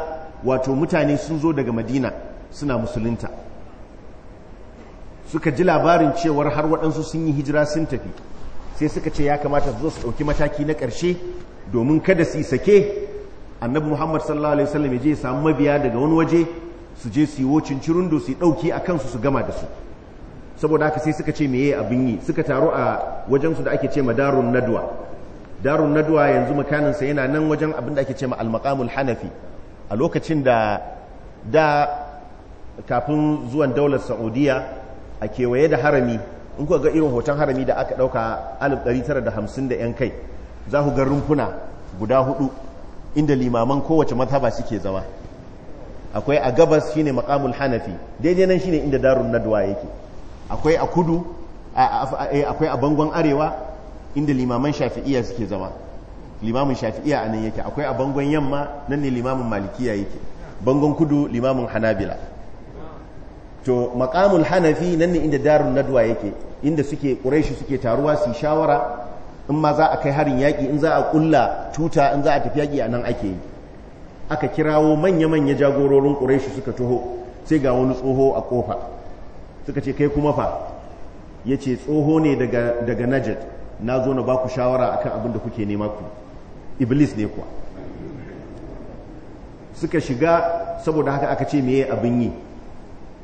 wato mutane sun zo daga madina suna musulunta suka ji labarin cewar har waɗansu sun yi hijira sun tafi sai suka ce ya kamata su zo su ɗauki mataki na ƙarshe domin kada su yi sake annabi muhammad sallallahu alaihi wasallam ya je samu mabiya daga wani waje su je su yi wocin da su yi ɗauki a kansu su gama da su saboda haka sai suka ce meye abin yi suka taru a wajensu da ake ce ma darun nadwa darun nadwa yanzu makaninsa yana nan wajen abin da ake ce ma almakamul hanafi a lokacin da da kafin zuwan daular saudiya a kewaye da harami in kuka ga irin hoton harami da aka ɗauka 1950 da 'yan kai za ku ga rumfuna guda hudu inda limaman kowace mazhaba suke zama akwai a gabas shine makamul hanafi daidai nan shine inda darun naduwa yake akwai a kudu eh, akwai a bangon arewa inda limaman shafi'iya suke zama limamin shafi'iya a nan yake akwai a bangon yamma nan ne limamin malikiya yake bangon kudu limamin hanabila to makamul hanafi nan ne inda darun nadwa yake inda suke quraishi suke taruwa su shawara in ma za a kai harin yaki in za a kulla tuta in za a tafi yaki a nan ake yi aka kirawo manya-manya jagororin quraishi suka taho sai ga wani tsoho a kofa suka ce kai kuma fa yace tsoho ne daga daga najd na zo na baku shawara akan abin da kuke nema ku iblis ne kuwa suka shiga saboda haka aka ce meye abin yi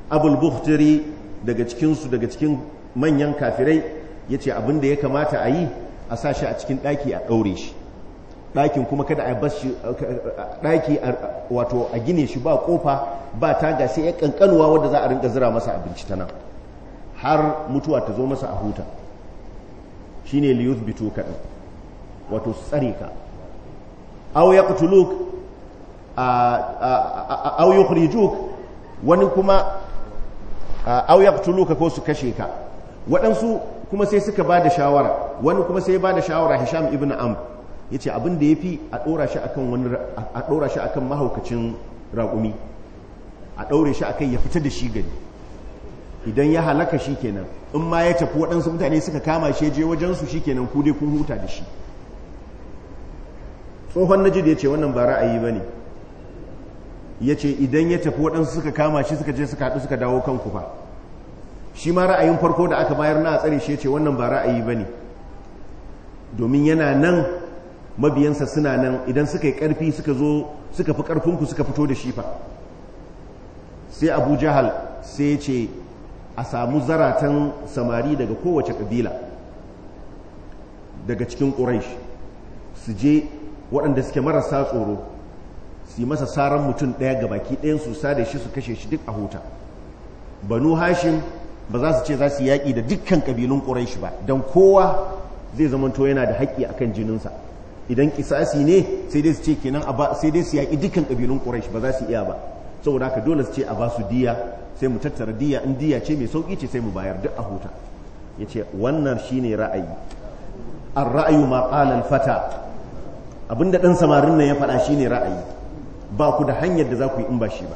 abul buhtari daga cikinsu daga cikin manyan kafirai ya ce abin da ya kamata a yi a sa shi a cikin daki a ɗaure shi ɗakin kuma kada a shi ɗaki wato a gine shi ba ƙofa ba taga sai ya kankanuwa wadda za a rinka zira masa abinci ta nan har mutuwa ta zo masa a huta shi ne liyus bito kaɗan wato tsare ka au ya kutuluk au yi wani kuma Ah, au ka ko su kashe ka waɗansu kuma sai suka ba da shawara wani kuma sai ba da shawara hisham ibn amr ya ce abin da ya fi a ɗora shi akan mahaukacin raƙumi a ɗaure shi akan ya fita da shi gari idan ya halaka shi kenan in ma ya tafi waɗansu mutane suka kama shi je wajensu shi kenan ku dai kun huta da shi tsohon da ya ce wannan ba ra'ayi ba ne ya ce idan ya tafi waɗansu suka kama shi suka je suka haɗu suka dawo kanku ba shi ma ra'ayin farko da aka bayar na a tsare shi ya ce wannan ba ra'ayi ba ne domin yana nan mabiyansa suna nan idan suka yi ƙarfi suka zo suka fi ƙarfinku suka fito da shi fa sai abu jahal sai ya ce a samu zaratan samari daga kowace ƙabila daga cikin ƙuraish su je waɗanda suke marasa tsoro su yi masa saran mutum ɗaya ga baki ɗayan su sa da shi su kashe shi duk a huta banu hashim ba za su ce za su yaƙi da dukkan ƙabilun ƙuraishi ba don kowa zai zamanto yana da haƙƙi akan jininsa idan ƙisasi ne sai dai su ce kenan sai dai su yaƙi dukkan ƙabilun ƙuraishi ba za su iya ba saboda haka dole su ce a ba su diya sai mu tattara diya in diya ce mai sauƙi ce sai mu bayar duk a huta ya ce wannan shine ra'ayi an ra'ayu ma fata abinda ɗan samarin nan ya faɗa shine ra'ayi ba ku da hanyar da za ku yi in ba shi ba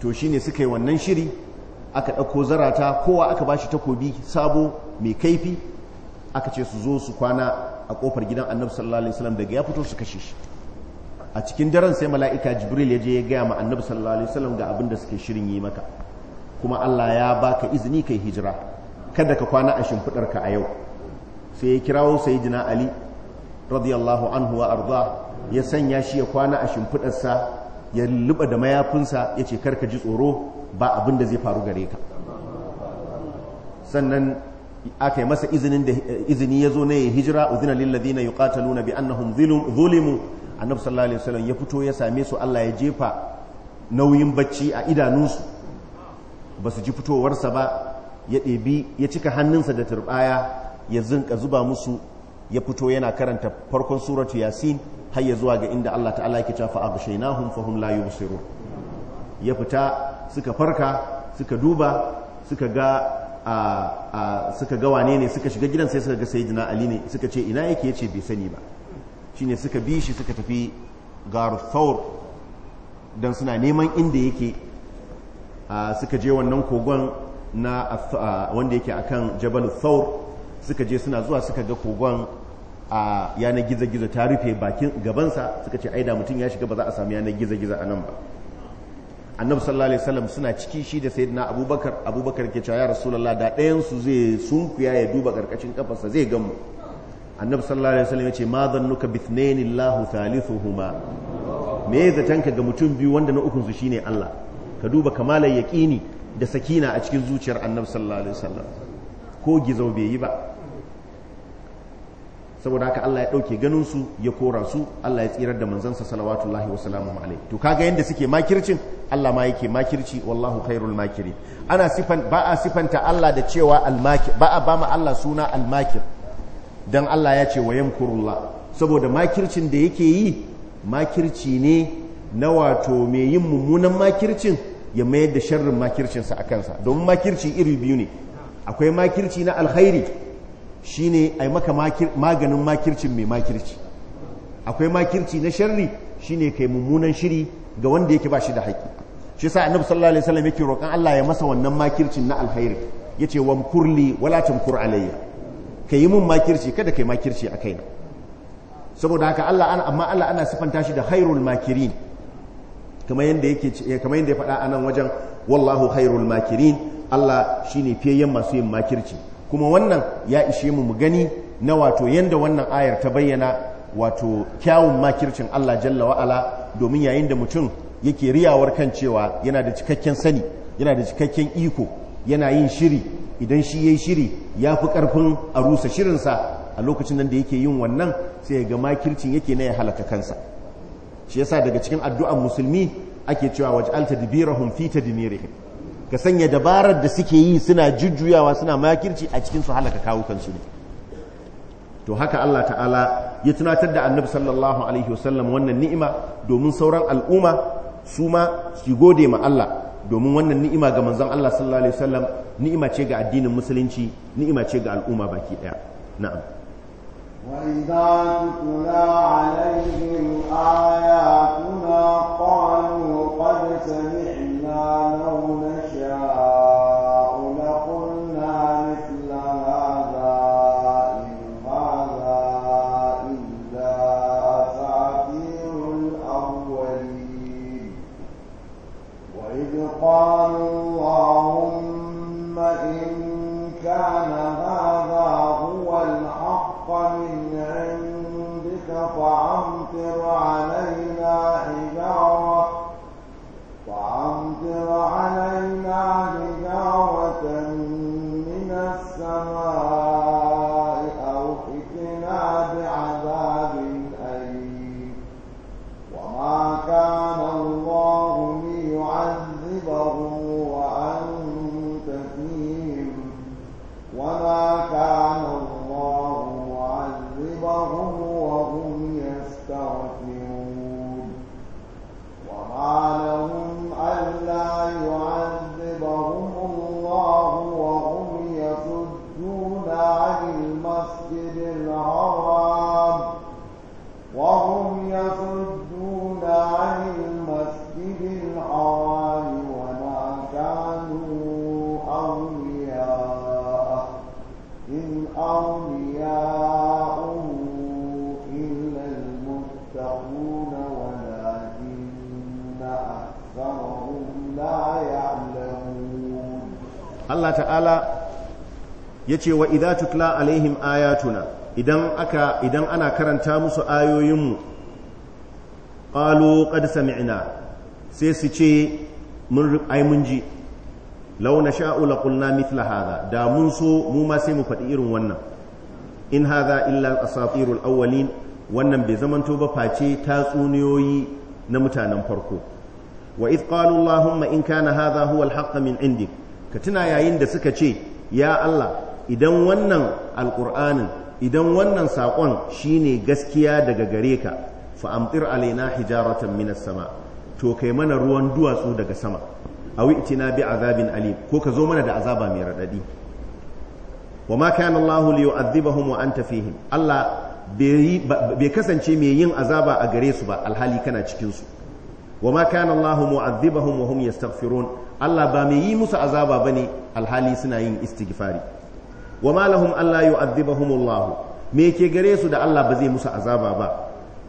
to shi ne suka yi wannan shiri aka ɗauko zarata kowa aka ba shi takobi sabo mai kaifi aka ce su zo su kwana a ƙofar gidan annabi sallallahu alaihi wasallam daga ya fito su kashe shi a cikin daren sai mala'ika jibril ya je ya gaya ma annabi sallallahu alaihi wasallam ga abin da suke shirin yi maka kuma Allah ya baka izini kai hijira kada ka kwana a shimfidarka a yau sai ya kirawo sayyidina ali radiyallahu anhu wa arda ya sanya shi ya kwana a shimfiɗarsa ya luba da mayafinsa ya ce karka ji tsoro ba abin da zai faru gare ka sannan aka yi masa izini ya zo na ya hijira uzina katalu na bi annahum zulimu annabi sallallahu alaihi wasallam ya fito ya same su Allah ya jefa nauyin bacci a idanunsu ba su ji fitowarsa ba ya ɗebi ya cika hannunsa da turbaya ya zinka zuba musu ya fito yana karanta farkon suratu yasin har ya zuwa ga inda Allah ta'ala yake cewa fa'aghshaynahum fahum la yubsirun ya fita suka farka suka duba suka ga a suka ga wane ne suka shiga gidan sai suka ga sayyidina ali ne suka ce ina yake yace bai sani ba shine suka bi shi suka tafi garu thawr dan suna neman inda yake suka je wannan kogon na wanda yake akan jabal thawr suka je suna zuwa suka ga kogon a yanar gizo-gizo ta rufe bakin gabansa suka ce aida mutum ya shiga ba za a sami yanar gizo-gizo a nan ba annabi sallallahu alaihi wasallam suna ciki shi da sayyidina abubakar abubakar ke cewa ya rasulullah da ɗayan su zai sunkuya ya duba karkashin kafarsa zai gan mu annabi sallallahu alaihi wasallam ya ce ma zannuka bi ithnaini allah thalithuhuma me zatanka ga mutum biyu wanda na ukun su shine allah ka duba kamalar yaqini da sakina a cikin zuciyar annabi sallallahu alaihi wasallam ko gizo bai yi ba saboda haka Allah ya ɗauke ganin su ya kora su Allah ya tsirar da manzansa salawatullahi wa salamu alai to kaga yanda suke makircin Allah ma yake makirci wallahu khairul makirin ana sifan ba a sifanta Allah da cewa almakir ba a ba ma Allah suna almakir dan Allah ya ce wa yamkurullah saboda makircin da yake yi makirci ne na wato mai yin mummunan makircin ya mayar da sharrin makircinsa a kansa domin makirci iri biyu ne akwai makirci na alkhairi shine ai maka maganin makircin mai makirci akwai makirci na sharri shine kai mummunan shiri ga wanda yake ba shi da haƙi shi sa annabi sallallahu alaihi wasallam yake roƙon Allah ya masa wannan makircin na alkhairi yace kurli wala kur alayya kai mun makirci kada kai makirci a kai. saboda haka Allah ana amma Allah ana sifanta shi da khairul makirin kamar yanda yake eh, kamar yanda ya faɗa anan wajen wallahu hairul makirin Allah shine fiyayen masu yin makirci kuma wannan ya ishe mu mu gani na wato yanda wannan ayar ta bayyana wato kyawun makircin Allah jalla wa'ala domin yayin da mutum yake riyawar kan cewa yana da cikakken sani yana da cikakken iko yana yin shiri idan shi yayi shiri ya fi karfin a rusa shirinsa a lokacin nan da yake yin wannan sai ya ga makircin yake na ya halaka kansa shi yasa daga cikin addu'an musulmi ake cewa waj'alta tadbirahum fi tadmirihim ka sanya dabarar da suke yi suna jujjuyawa suna makirci a cikin su halaka kawukansu ne to haka Allah ta'ala ya tunatar da annabi sallallahu alaihi wasallam wannan ni'ima domin sauran al'umma su ma su gode ma Allah domin wannan ni'ima ga manzon Allah sallallahu alaihi wasallam ni'ima ce ga addinin musulunci ni'ima ce ga al'umma baki daya na'am وإذا تتلى عليهم آياتنا قالوا قد سمعنا لو الله Allah ta'ala ya ce wa idha tutla alaihim ayatuna idan aka idan ana karanta musu ayoyinmu qalu qad sami'na sai su ce mun mun ji launa sha'ula la qulna mithla da mun so mu ma sai mu faɗi irin wannan in haza illa asatirul awwalin wannan bai zamanto ba face tatsuniyoyi na mutanen farko wa idh qalu allahumma in kana hadha huwa al min indik ka tuna yayin da suka ce ya Allah idan wannan alƙur'anin idan wannan saƙon shine gaskiya daga gare ka fa amtir alaina hijaratan minas sama to kai mana ruwan duwatsu daga sama awi itina bi azabin alim ko ka zo mana da azaba mai raɗaɗi wa ma kana Allah li yu'adhibahum wa anta fihim Allah bai kasance mai yin azaba a gare su ba alhali kana cikin su wa ma kana Allah mu'adhibahum wa hum yastaghfirun Allah ba mai yi musu azaba ba ne. alhali suna yin istighfari wa ma lahum alla yu'adhibahumullahu me ke gare su da Allah ba zai musu azaba ba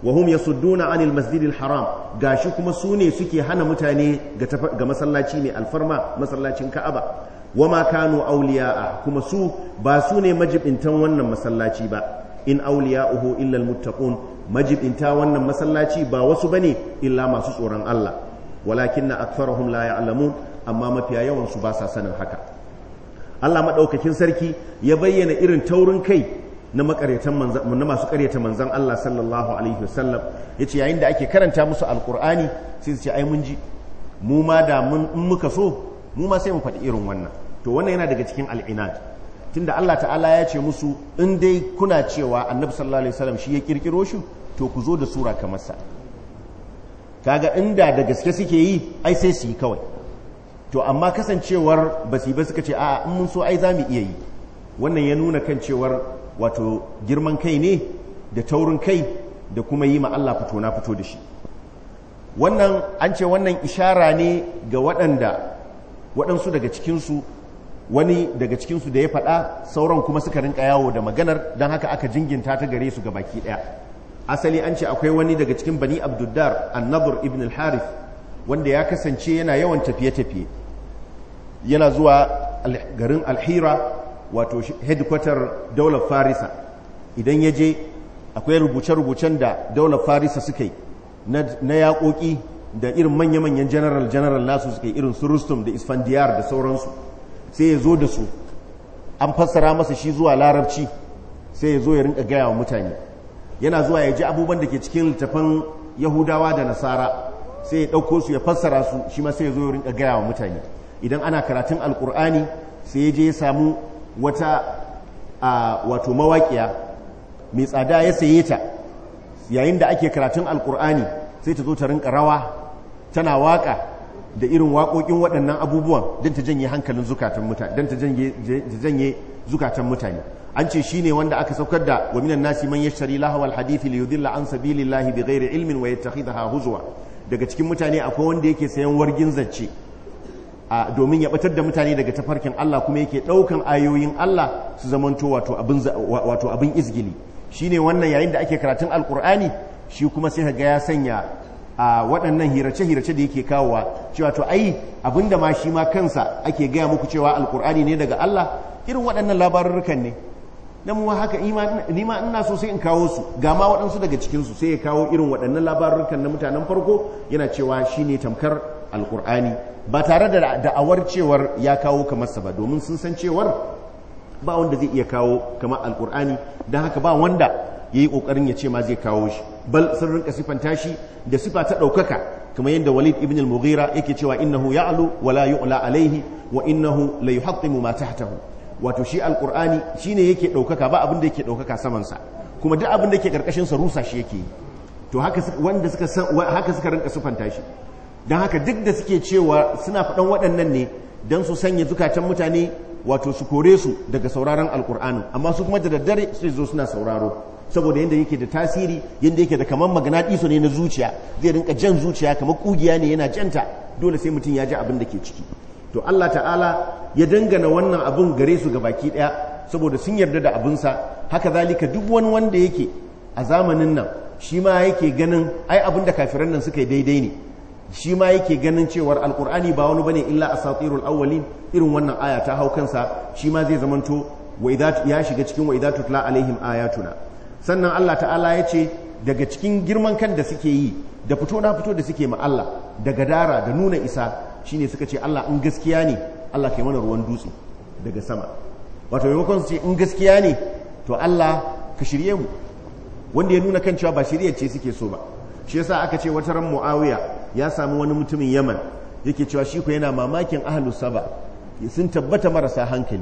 wa hum yasudduna anil masjidil haram gashi kuma su ne suke hana mutane ga masallaci mai alfarma masallacin Ka'aba wa ma kanu awliya'a kuma su ba su ne majibintan wannan masallaci ba in awliya'uhu illa almuttaqun majibinta wannan masallaci ba wasu bane illa masu tsoron Allah walakinna aktharuhum la ya'lamun amma mafiya yawan su ba sa sanin haka Allah madaukakin sarki ya bayyana irin taurin kai na makaryatan manzan na masu karyata manzan Allah sallallahu alaihi wasallam yace yayin da ake karanta musu alqur'ani sai su ce ai mun ji mu ma da mun in muka so mu ma sai mu faɗi irin wannan to wannan yana daga cikin al'inad tunda Allah ta'ala ya ce musu in dai kuna cewa annabi sallallahu alaihi wasallam shi ya kirkiro shi to ku zo da sura kamar sa kaga inda da gaske suke yi ai sai su yi kawai to amma kasancewar ba suka ce a in mun so ai za mu iya yi wannan ya nuna kan cewar wato girman kai ne da taurin kai da kuma yi ma Allah fito na fito da shi wannan an ce wannan ishara ne ga waɗanda waɗansu daga cikinsu wani daga cikinsu da ya faɗa sauran kuma suka rinka yawo da maganar don haka aka jinginta ta gare su ga baki ɗaya asali an ce akwai wani daga cikin bani abduddar annabur ibn al-harith wanda ya kasance yana yawan tafiye-tafiye yana zuwa garin alhira wato headquarter daular farisa idan ya je akwai rubuce-rubucen da daular farisa suka yi na yaƙoƙi da irin manya-manyan general-general nasu suka yi irin surustum da isfandiyar da sauransu sai ya zo da su an fassara masa shi zuwa larabci sai ya zo ya rinka gaya wa mutane yana zuwa ya ji abubuwan da ke cikin littafin yahudawa da nasara sai ya ɗauko su ya fassara su shi ma sai ya zo ya rinka gaya wa mutane idan ana karatun alkur'ani sai je ya samu wata wato mawaƙiya mai tsada ya saye ta yayin da ake karatun alkur'ani sai ta zo ta rinka rawa tana waka da irin waƙoƙin waɗannan abubuwan don ta janye hankalin zukatan mutane don ta janye zukatan mutane an ce shi ne wanda aka saukar da wa minan nasi man yashtari lahawal hadithi li yudilla an sabilillahi ghairi ilmin wa yattakhidha huzwa daga cikin mutane akwai wanda yake sayan wargin zance domin ya batar da mutane daga tafarkin Allah kuma yake daukan ayoyin Allah su zamanto wato abin wato abin izgili shine wannan yayin da ake karatun alkur'ani shi kuma sai ga ya sanya a waɗannan hirace-hirace da yake kawowa cewa to ai abinda ma shi ma kansa ake gaya muku cewa alkur'ani ne daga Allah irin waɗannan labarurrukan ne dan mu haka ni ma ina so sai in kawo su ga ma waɗansu daga cikin su sai ya kawo irin waɗannan labarurrukan na mutanen farko yana cewa shine tamkar alkur'ani ba tare da da'awar cewar ya kawo kamar sa ba domin sun san cewar ba wanda zai iya kawo kamar alkur'ani don haka ba wanda ya yi ƙoƙarin ya ce ma zai kawo shi bal sun rinka sifanta tashi da sifa ta ɗaukaka kamar yadda walid ibn al-mughira yake cewa innahu ya'lu wa la yu'la alaihi wa innahu la yuhaqqimu ma tahtahu wato shi alkur'ani shine yake ɗaukaka ba abin da yake ɗaukaka saman sa kuma duk abin da yake karkashin sa rusa shi yake yi to haka wanda suka haka suka rinka sifanta shi don haka duk da suke cewa suna faɗan waɗannan ne don su sanya zukatan mutane wato su kore su daga sauraron alkur'ani amma su kuma da daddare su zo suna sauraro saboda yadda yake da tasiri yadda yake da kamar su ne na zuciya zai rinka jan zuciya kamar kugiya ne yana janta dole sai mutum ya ji abin da ke ciki to Allah ta'ala ya dangana wannan abin gare su baki ɗaya saboda sun yarda da abinsa haka zalika duk wani wanda yake a zamanin nan shi ma yake ganin ai abin da kafiran nan suka yi daidai ne shi ma yake ganin cewar alkur'ani ba wani bane illa asatirul awwalin irin wannan aya ta hau kansa shi ma zai zamanto ya shiga cikin wa idza tutla alaihim ayatuna sannan Allah ta'ala ya ce daga cikin girman kan da suke yi da fito na fito da suke ma Allah da gadara da nuna isa shine suka ce Allah in gaskiya ne Allah kai mana ruwan dutse daga sama wato maimakon su ce in gaskiya ne to Allah ka shirye mu wanda ya nuna kan cewa ba shirye ce suke so ba shi yasa aka ce wata ran Muawiya ya samu wani mutumin yaman yake cewa shi ku yana mamakin ahlu saba sun tabbata marasa hankali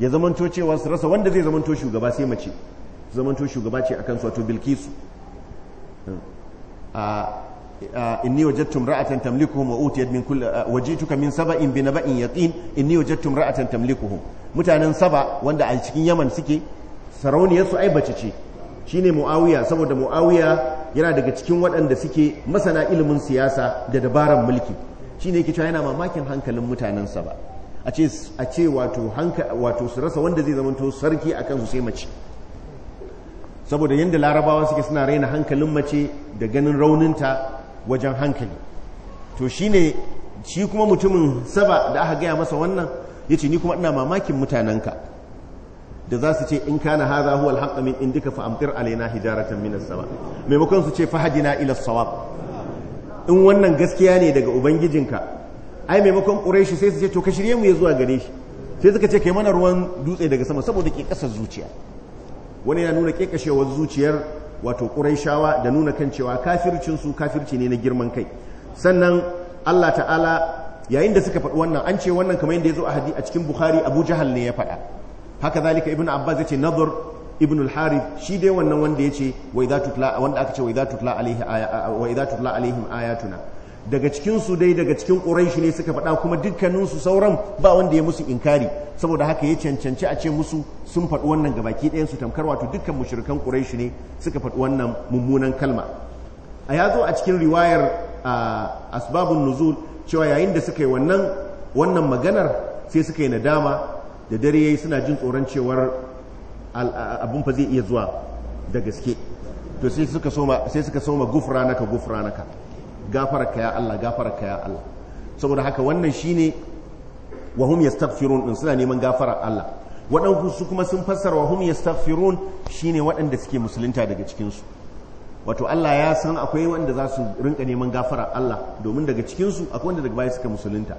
ya zamanto cewa su rasa wanda zai zamanto shugaba sai mace zamanto shugaba ce akan su wato bilkisu inni wajadtum ra'atan tamlikuhum wa utiyat min kulli wajituka min saba'in bi naba'in yaqin inni wajadtum ra'atan tamlikuhum mutanen saba wanda a cikin yaman suke sarauniyar su ai bace ce shine muawiya saboda muawiya yana daga cikin waɗanda suke masana ilimin siyasa da dabaran mulki shine yake cewa yana mamakin hankalin mutanensa ba a ce wato su rasa wanda zai zamanto sarki akan su sai mace saboda yadda larabawa suke suna raina hankalin mace da ganin rauninta wajen hankali to shine shi kuma mutumin saba da aka gaya masa wannan yace ni kuma ina mamakin mutanenka da za su ce in kana haza huwa alhaqqa min indika fa amtir alaina hijaratan min as-sama maimakon su ce fahadina ila as-sawab in wannan gaskiya ne daga ubangijinka ai maimakon quraishi sai su ce to ka shirye mu ya zuwa gare shi sai suka ce kai mana ruwan dutse daga sama saboda ke kasar zuciya wani yana nuna kekashewar zuciyar wato quraishawa da nuna kan cewa kafircin su kafirci ne na girman kai sannan Allah ta'ala yayin da suka faɗi wannan an ce wannan kamar yadda ya zo a cikin Bukhari Abu Jahal ne ya faɗa haka zalika ibn abbas yace nadhr ibn al-harith shi dai wannan wanda yace wa idza tutla wanda aka ce wa idza tutla alaihi wa idza tutla alaihim ayatuna daga cikin su dai daga cikin quraish ne suka faɗa kuma dukkanin su sauran ba wanda ya musu inkari saboda haka ya cancanci a ce musu sun faɗi wannan gabaki ɗayan su tamkar wato dukkan mushrikan quraish ne suka faɗi wannan mummunan kalma a ya zo a cikin riwayar asbabun nuzul cewa yayin da suka yi wannan wannan maganar sai suka yi nadama da dare yayi suna jin tsoron cewar abun fa zai iya zuwa da gaske to sai suka soma sai suka soma gufranaka gufranaka gafararka ya Allah gafararka ya Allah saboda haka wannan shine wa hum yastaghfirun din suna neman gafara Allah waɗansu kuma sun fassara wa hum yastaghfirun shine waɗanda suke musulunta daga cikin su wato Allah ya san akwai wanda za su rinka neman gafara Allah domin daga cikin su akwai wanda daga baya suka musulunta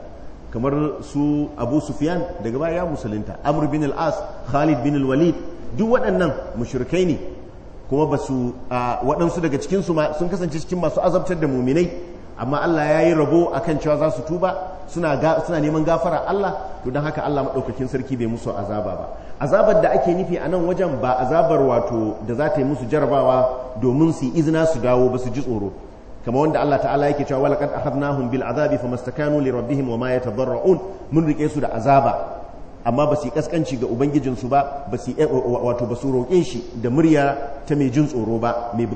kamar su abu sufyan daga baya ya musulunta Amur bin al-as khalid bin al-walid duk waɗannan mushrikai ne kuma ba su waɗansu daga cikinsu ma sun kasance cikin masu azabtar da muminai amma Allah ya yi rabo a kan cewa za su tuba suna neman gafara Allah to don haka Allah maɗaukakin sarki bai musu azaba ba azabar da ake nufi a nan wajen ba azabar wato da za ta yi musu jarabawa domin su izina su dawo ba su ji tsoro kama wanda Allah ta'ala yake cewa walaqad akhadnahum bil azabi famastakanu li rabbihim wama yatadarrun mun rike su da azaba amma ba su kaskanci ga ubangijin su ba ba su eh, wato ba su roƙe shi da murya ta mai jin tsoro ba mai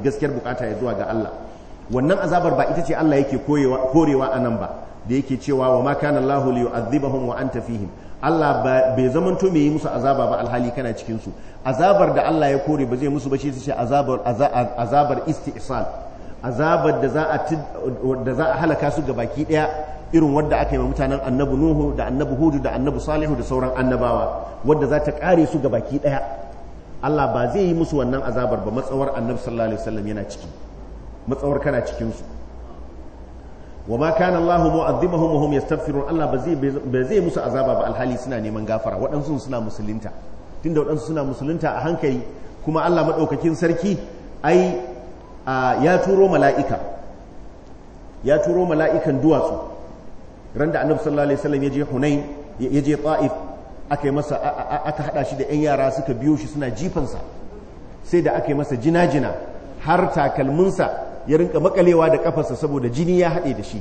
gaskiyar bukata ya zuwa ga Allah wannan azabar ba ita ce Allah yake korewa korewa anan ba da yake cewa wa ma kana Allahu li yu'adhibahum wa anta fihim Allah bai zamanto mai yi musu azaba ba alhali kana cikin su azabar da Allah ya kore ba zai musu ba shi ce azabar azabar istisal azabar da za a halaka su gabaki daya irin wadda aka yi wa mutanen annabi nuhu da annabi hudu da annabi salihu da sauran annabawa wadda za ta kare su gabaki daya Allah ba zai yi musu wannan azabar ba matsawar annabi sallallahu alaihi wasallam yana ciki matsawar kana cikin su wa ma kana Allah mu'azzibahum wa hum yastaghfirun Allah ba zai ba zai musu azaba ba alhali suna neman gafara waɗansu suna musulunta tunda waɗansu suna musulunta a hankali kuma Allah madaukakin sarki ai ya turo mala'ika ya turo mala'ikan duwatsu ran da annabi sallallahu alaihi wasallam ya je hunain ya je ta'if aka yi masa aka hada shi da yan yara suka biyo shi suna jifansa sai da aka masa jina-jina har takalminsa ya rinka makalewa da kafarsa saboda jini ya haɗe da shi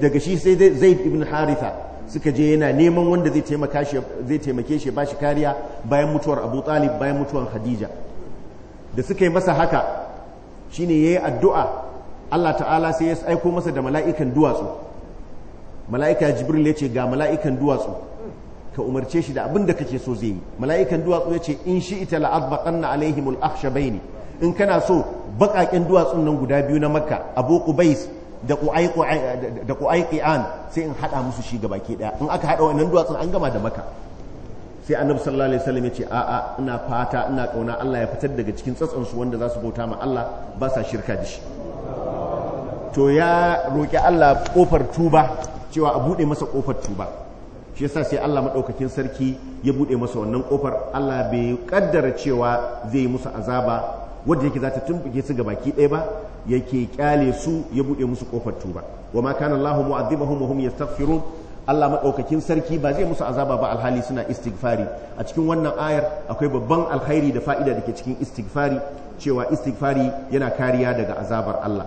daga shi sai zaid ibn haritha suka je yana neman wanda zai taimaka shi zai taimake shi ba shi kariya bayan mutuwar abu talib bayan mutuwar hadija da suka yi masa haka shine yi addu'a Allah ta'ala sai ya aiko masa da mala'ikan duwatsu mala'ika jibril ya ce ga mala'ikan duwatsu ka umarce shi da abin da kake so zai yi mala'ikan duwatsu ya ce in shi ita la'adbaƙanna alaihimul akhshabaini in kana so baƙaƙen duwatsu nan guda biyu na makka abu qubais da da sai in haɗa musu shi gabaki ɗaya in aka haɗa wannan duwatsun an gama da maka. sai annabi sallallahu alaihi wasallam ya ce a'a ina fata ina kauna Allah ya fitar daga cikin tsatson su wanda za su bauta ma Allah ba sa shirka da shi to ya roki Allah kofar tuba cewa a buɗe masa kofar tuba shi yasa sai Allah madaukakin sarki ya buɗe masa wannan kofar Allah bai kaddara cewa zai musu azaba wanda yake za ta tumbuke su gabaki ɗaya ba yake kyale su ya buɗe musu kofar tuba wa ma kana Allahu mu'adhibahum wa hum yastaghfirun Allah maɗaukakin sarki ba zai musu azaba ba alhali suna istighfari a cikin wannan ayar akwai babban alkhairi da fa'ida da ke cikin istighfari cewa istighfari yana kariya daga azabar Allah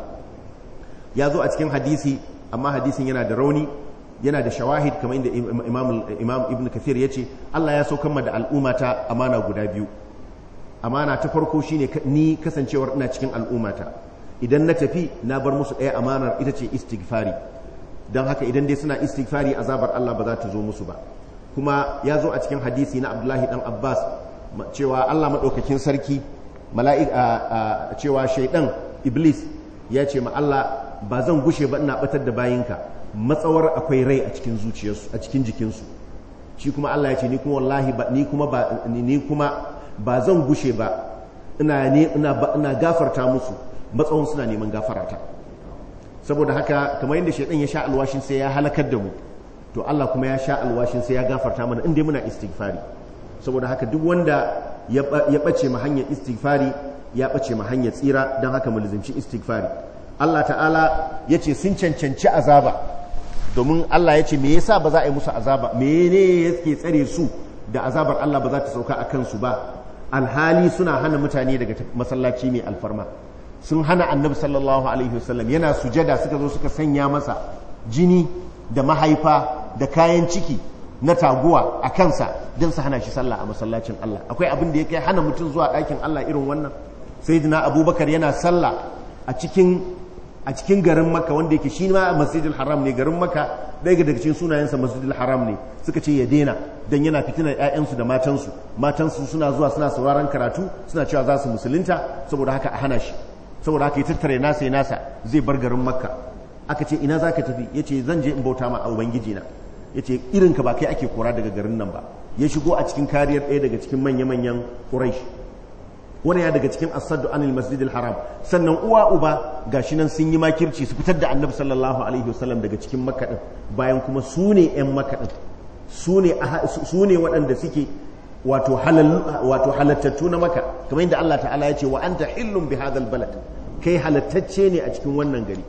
ya zo a cikin hadisi amma hadisin yana da rauni yana da shawahid kamar inda imam, imam ibn kathir ya ce Allah ya so kama da al'ummata amana guda biyu amana ta farko shine ni kasancewar ina cikin al'ummata idan na tafi na bar musu ɗaya amanar ita ce istighfari don haka idan dai suna istighfari azabar Allah ba za ta zo musu ba kuma ya zo a cikin hadisi na Abdullahi dan Abbas cewa Allah maɗaukakin sarki mala'ika cewa shaidan iblis ya ce ma Allah ba zan gushe ba ina batar da bayinka matsawar akwai rai a cikin jikinsu shi kuma Allah ya ce ni kuma wallahi ba ni kuma ba ni kuma ba zan gushe ba ina gafarta musu matsawon suna neman gafarata saboda haka kamar yadda shaidan ya sha alwashin sai ya halakar da mu to Allah kuma ya sha alwashin sai ya gafarta mana inda muna istighfari saboda haka duk wanda ya bace ma hanyar istighfari ya bace ma hanyar tsira don haka mu lazimci istighfari Allah ta'ala ya ce sun cancanci azaba domin Allah ya ce me yasa ba za a yi musu azaba mene ke tsare su da azabar Allah ba za ta sauka a kansu ba alhali suna hana mutane daga masallaci mai alfarma sun hana annabi sallallahu alaihi wasallam yana sujada suka zo suka sanya masa jini da mahaifa da kayan ciki na taguwa a kansa don su hana shi sallah a masallacin Allah akwai abin da ya kai hana mutum zuwa ɗakin Allah irin wannan sayyidina abubakar yana sallah a cikin a garin maka wanda yake shi ma masjidil haram ne garin maka ɗaya daga cikin sunayensa masjidil haram ne suka ce ya daina don yana fitinar 'ya'yansu da matansu matansu suna zuwa suna sauraron karatu suna cewa za su musulunta saboda haka a hana shi saboda haka ya tattare nasa ya nasa zai bar garin makka aka ce ina zaka tafi yace zan je in bauta ma ubangiji na yace irin ka ba kai ake kora daga garin nan ba ya shigo a cikin kariyar ɗaya daga cikin manya-manyan quraish wani ya daga cikin asadu anil masjidil haram sannan uwa uba shi nan sun yi makirci su fitar da annabi sallallahu alaihi wasallam daga cikin makka bayan kuma su ne yan makka su ne waɗanda suke wato halattattu na maka kamar yadda Allah ta'ala ya ce wa anta hillun bi hadal balad kai halattacce ne a cikin wannan gari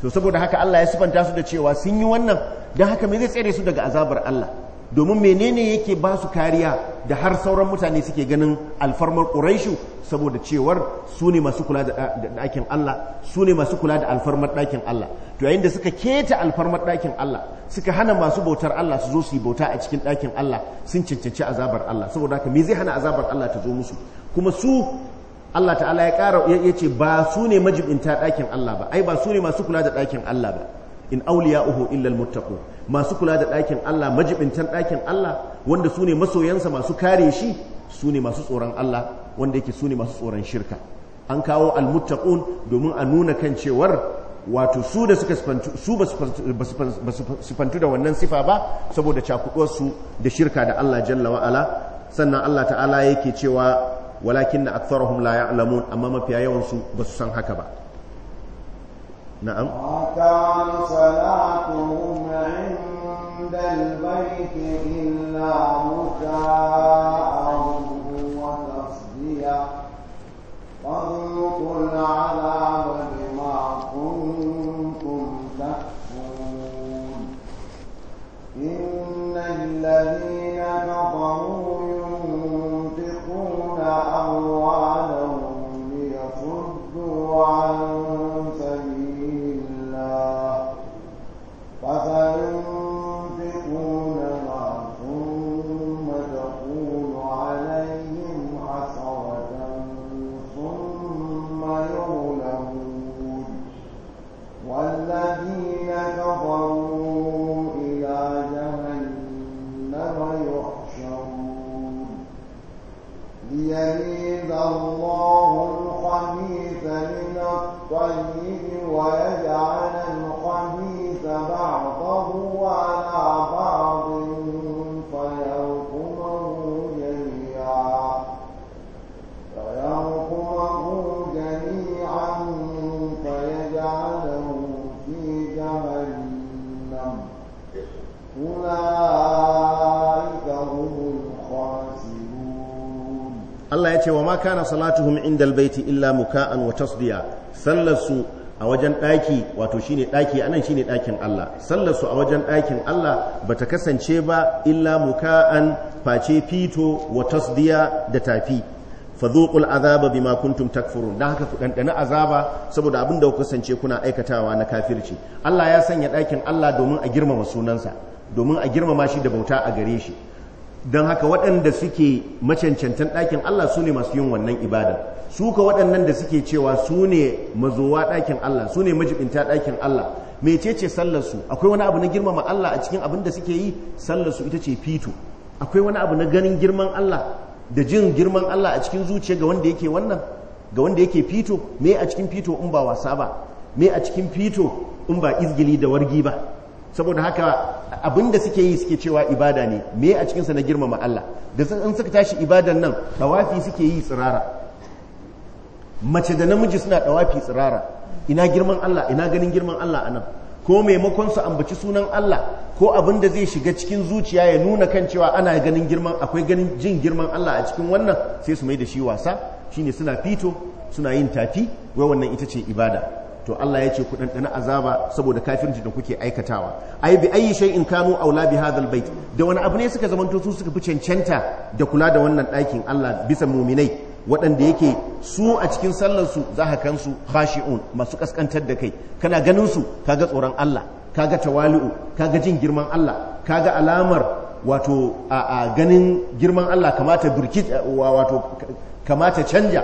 to saboda haka Allah ya sifanta su da cewa sun yi wannan don haka me zai tsere su daga azabar Allah domin menene yake ba su kariya da har sauran mutane suke ganin alfarmar ƙuraishu saboda cewar su ne masu kula da ɗakin Allah su ne masu kula da alfarmar ɗakin Allah to yayin da suka keta alfarmar ɗakin Allah suka hana masu bautar Allah su zo su yi bauta a cikin ɗakin Allah sun cancanci azabar Allah saboda haka me zai hana azabar Allah ta zo musu kuma su Allah ta'ala ya ƙara ya ce ba su ne majibinta ɗakin Allah ba ai ba su ne masu kula da ɗakin Allah ba in auliya uhu illa muttaqu masu kula da ɗakin Allah majibintan ɗakin Allah wanda su ne masoyansa masu kare shi su ne masu tsoron Allah wanda yake su ne masu tsoron shirka an kawo almuttaqun domin a nuna kan cewar wato su da suka su ba su sifantu da wannan sifa ba saboda cakuɗuwar su da shirka da Allah jalla wa ala sannan Allah ta'ala yake cewa walakin na aktharuhum la ya'lamun amma mafiya yawan su ba su san haka ba نعم وكان صلاتهم عند البيت إلا مكاء وتصديا وذوقوا العذاب بما كنتم تكفرون إن الذين كفروا ينفقون أموالهم ليصدوا عن पासा Allah ya ce wa ma kana salatuhum indal baiti illa muka'an wa tasdiya sallarsu a wajen ɗaki wato shine ɗaki anan shine ɗakin Allah sallarsu a wajen ɗakin Allah bata kasance ba illa muka'an face fito wa tasdiya da tafi fadhuqul azaba bima kuntum takfurun dan haka ku dandana azaba saboda abin da ku kasance kuna aikatawa na kafirci Allah ya sanya ɗakin Allah domin a girmama sunansa domin a girmama shi da bauta a gare shi don haka waɗanda suke macancantan ɗakin Allah su ne masu yin wannan ibada su ka waɗannan da suke cewa su ne mazowa ɗakin Allah su ne majibinta ɗakin Allah mecece sallarsu akwai wani abu na girmama Allah a cikin abin da suke yi sallarsu ita ce fito akwai wani abu na ganin girman Allah da jin girman Allah a cikin zuciya ga wanda yake wannan ga wanda yake fito me a cikin fito in ba wasa ba me a cikin fito in ba izgili da wargi ba saboda haka Abin da suke yi suke cewa ibada ne me a cikinsa na girmama Allah da san an suka tashi ibadan nan dawafi suke yi tsirara mace da namiji suna dawafi tsirara ina girman Allah ina ganin girman Allah anan ko maimakon su ambaci sunan Allah ko abin da zai shiga cikin zuciya ya nuna kan cewa ana ganin girman akwai ganin jin girman Allah a cikin wannan sai su mai da shi wasa shine suna fito suna yin tafi wai wannan ita ce ibada to Allah ya ce ku ɗanɗana azaba saboda kafirci da kuke aikatawa ai bi ayi in kanu aula bi hadal bait da wani abu ne suka zamanto su suka fi cancanta da kula da wannan ɗakin Allah bisa muminai waɗanda yake su a cikin sallar su ka kansu khashi'un masu kaskantar da kai kana ganin su kaga tsoron Allah kaga tawali'u kaga jin girman Allah kaga alamar wato a ganin girman Allah kamata burkit wato kamata canja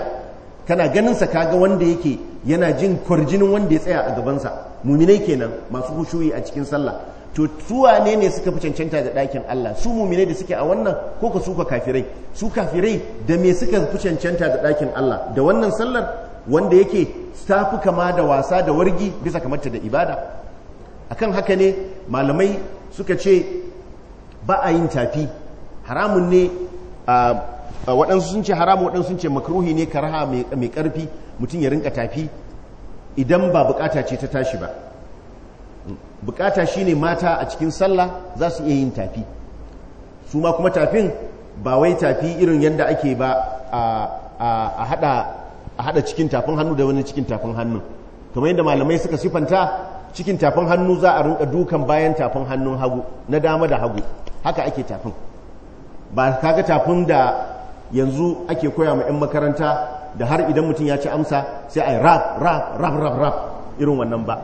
kana ganin sa kaga wanda yake yana jin kwarjinin wanda ya tsaya a gabansa muminai kenan masu hushuyi a cikin sallah to tuwa ne ne suka fi cancanta da dakin Allah su muminai da suke a wannan ko ka suka kafirai su kafirai da me suka fi cancanta da ɗakin Allah da wannan sallar wanda yake tafi kama da wasa da wargi bisa kamata da ibada akan haka ne malamai suka ce ba a yin tafi haramun ne a ah, Eh, waɗansu sun ce haramu waɗansu sun ce makaruhi ne karaha mai ƙarfi mutum ya rinka tafi idan ba bukata ce ta tashi ba mm. bukata shine mata a cikin sallah za su iya yin tafi su ma kuma tafin ba wai tafi irin yadda ake ba a hada cikin tafin hannu da wani cikin tafin hannun kamar yadda malamai suka sifanta cikin tafin hannu za a rinka dukan bayan tafin hannun hagu na dama da hagu haka ake tafin ba kaga tafin da yanzu ake koya ma 'yan makaranta da har idan mutum ya ci amsa sai a yi rap rap rap rap rap irin wannan ba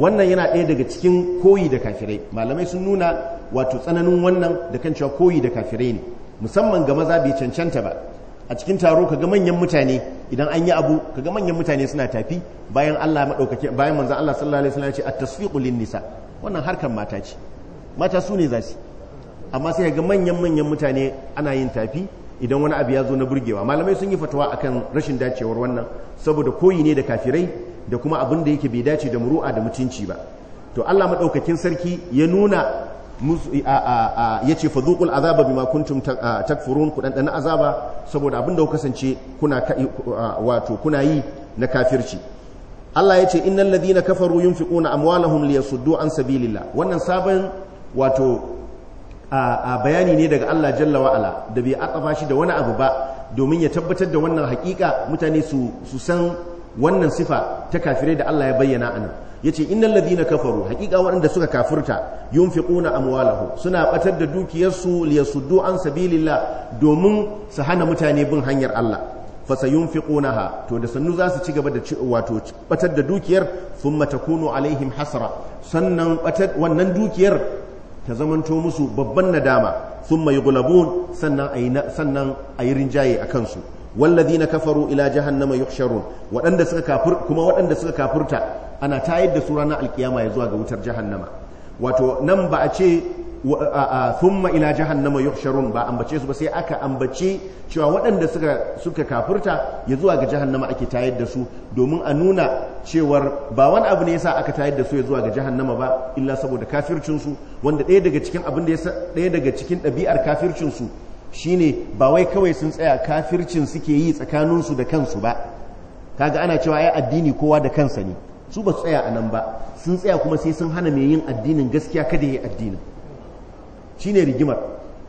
wannan yana ɗaya daga cikin koyi da kafirai malamai sun nuna wato tsananin wannan da kan cewa koyi da kafirai ne musamman ga maza bai cancanta ba a cikin taro kaga manyan mutane idan an yi abu kaga manyan mutane suna tafi bayan Allah madaukake bayan manzon Allah sallallahu alaihi wasallam ya ce at-tasfiqu lin-nisa wannan harkar mata ce mata su ne za su amma sai ga manyan manyan mutane ana yin tafi idan wani abu ya zo na burgewa malamai sun yi fatawa akan rashin dacewar wannan saboda koyi ne da kafirai da kuma abin da yake bai dace da muru'a da mutunci ba to Allah madaukakin sarki ya nuna ya ce fadukul azaba bima kuntum takfurun ku ɗanɗana azaba saboda abin da ku kasance kuna wato kuna yi na kafirci Allah ya ce innal ladina kafaru yunfiquna amwalahum liyasuddu an sabilillah wannan sabon wato a bayani ne daga Allah jalla wa'ala da bai atsafa shi da wani abu ba domin ya tabbatar da wannan hakika mutane su san wannan sifa ta kafirai da Allah ya bayyana anan yace innal ladina kafaru hakika waɗanda suka kafirta a amwalahu suna batar da dukiyarsu liyasuddu an sabilillah domin su hana mutane bin hanyar Allah fasa ƙunaha. to da sannu za su ci gaba da wato batar da dukiyar sun takunu alaihim hasara sannan ɓatar wannan dukiyar ta zamanto musu babban nadama sun mai gulabun sannan a yi rinjaye a kansu su na kafaru ila jahannama yuhsharun wadanda suka kuma waɗanda suka kafirta ana tayar da su ranar alkiyama ya zuwa ga wutar jahannama wato nan ba a ce thumma ila jahannama yuhsharun ba ambace su ba sai aka ambace cewa waɗanda suka kafurta ya zuwa ga jahannama ake tayar da su domin a nuna cewar ba wani abu ne ya sa aka tayar da su ya zuwa ga jahannama ba illa saboda kafircinsu wanda ɗaya daga cikin abin da yasa ɗaya daga cikin ɗabi'ar kafircinsu shine ba wai kawai sun tsaya kafircin suke yi tsakaninsu da kansu ba kaga ana cewa ai addini kowa da kansa ne su ba tsaya a nan ba sun tsaya kuma sai sun hana mai yin addinin gaskiya kada ya yi addinin shine rigimar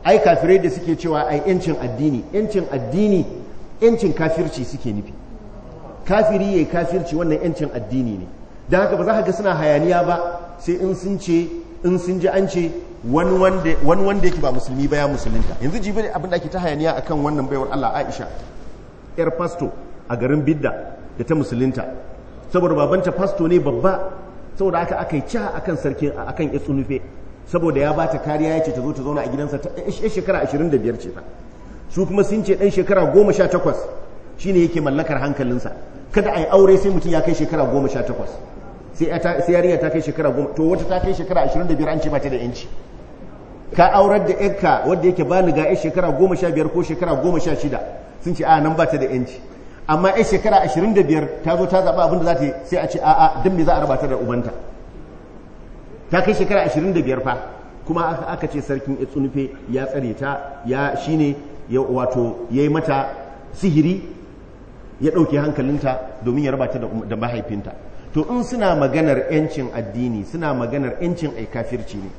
ai kafirai da suke cewa ai yancin addini yancin addini yancin kafirci suke nufi kafiri ya yi kafirci wannan yancin addini ne dan haka ba za ka ga suna hayaniya ba sai in sun ce in sun ji an ce wani wanda yake ba musulmi ba ya musulunta yanzu jibi abin da ake ta hayaniya a kan wannan baiwar Allah Aisha yar fasto a garin Bidda da ta musulunta saboda babanta fasto ne babba saboda aka aka yi a akan sarki a ya tsunufe saboda ya bata kariya ya ce ta zo ta zauna a gidansa ta ɗan shekara ashirin da biyar ce ta su kuma sun ce ɗan shekara goma sha takwas shine yake mallakar hankalinsa kada a yi aure sai mutum ya kai shekara goma sha takwas sai Yariya ta kai shekara goma to wata ta kai shekara ashirin da biyar an ce ba ta da yanci ka aurar da yanka wadda yake ba ni ga yan shekara goma sha biyar ko shekara goma sha shida sun ce a nan ba ta da yanci amma yan shekara ashirin da biyar ta zo ta zaɓa abin da za ta yi sai a ce a'a duk me za a raba ta da ubanta ta kai shekara ashirin da biyar fa kuma aka ce sarkin ya tsunufe ya tsare ta ya shine wato ya yi mata sihiri ya ɗauke hankalinta domin ya raba ta um-, da mahaifinta to in suna maganar yancin addini suna maganar yancin a kafirci ne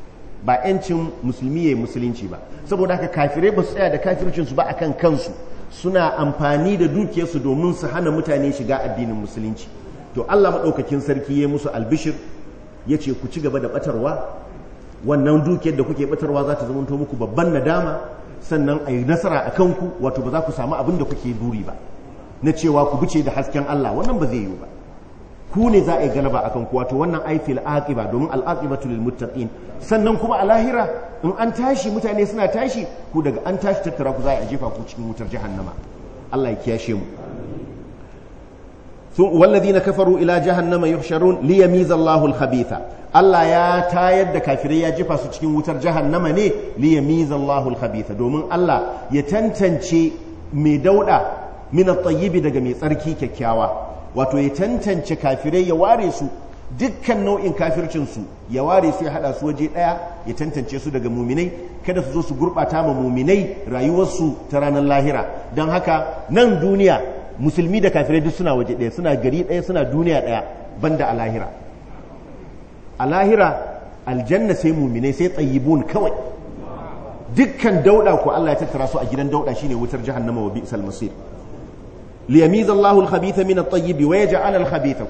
ba yancin musulmi ya musulunci ba saboda haka kafirai ba su tsaya da kafircinsu ba akan kansu suna amfani da dukiyarsu domin su hana mutane shiga addinin musulunci to Allah maɗaukakin sarki ya musu albishir ya ce ku ci gaba da batarwa wannan dukiyar da kuke batarwa za ta zama muku babban nadama sannan a yi nasara a kanku wato ba za ku samu abin da kuke buri ba na cewa ku bice da hasken Allah wannan ba zai yi ba ku ne za a yi galaba akan ku wato wannan aifi al'aqiba domin al'aqiba tulil muttaqin sannan kuma a lahira in an tashi mutane suna tashi ku daga an tashi tattara ku za a jefa ku cikin wutar jahannama Allah ya kiyashe mu sun wallazi na kafaru ila jahannama yuhsharun li yamiza Allahu al-khabitha Allah ya tayar da kafirai ya jefa su cikin wutar jahannama ne li yamiza Allahu al-khabitha domin Allah ya tantance mai dauda min tsayibi daga mai tsarki kyakkyawa wato ya tantance kafirai ya ware su dukkan nau'in kafircin ya ware su ya hada su waje daya ya tantance su daga muminai kada su zo su gurbata ma muminai rayuwarsu ta ranar lahira don haka nan duniya musulmi da kafirai duk suna waje daya suna gari daya suna duniya daya banda a lahira a lahira aljanna sai muminai sai tsayibun kawai dukkan dauda ko Allah ya tattara su a gidan dauda shine wutar jahannama wa bi'sal masir liyamiza Allahu al-khabitha min at-tayyib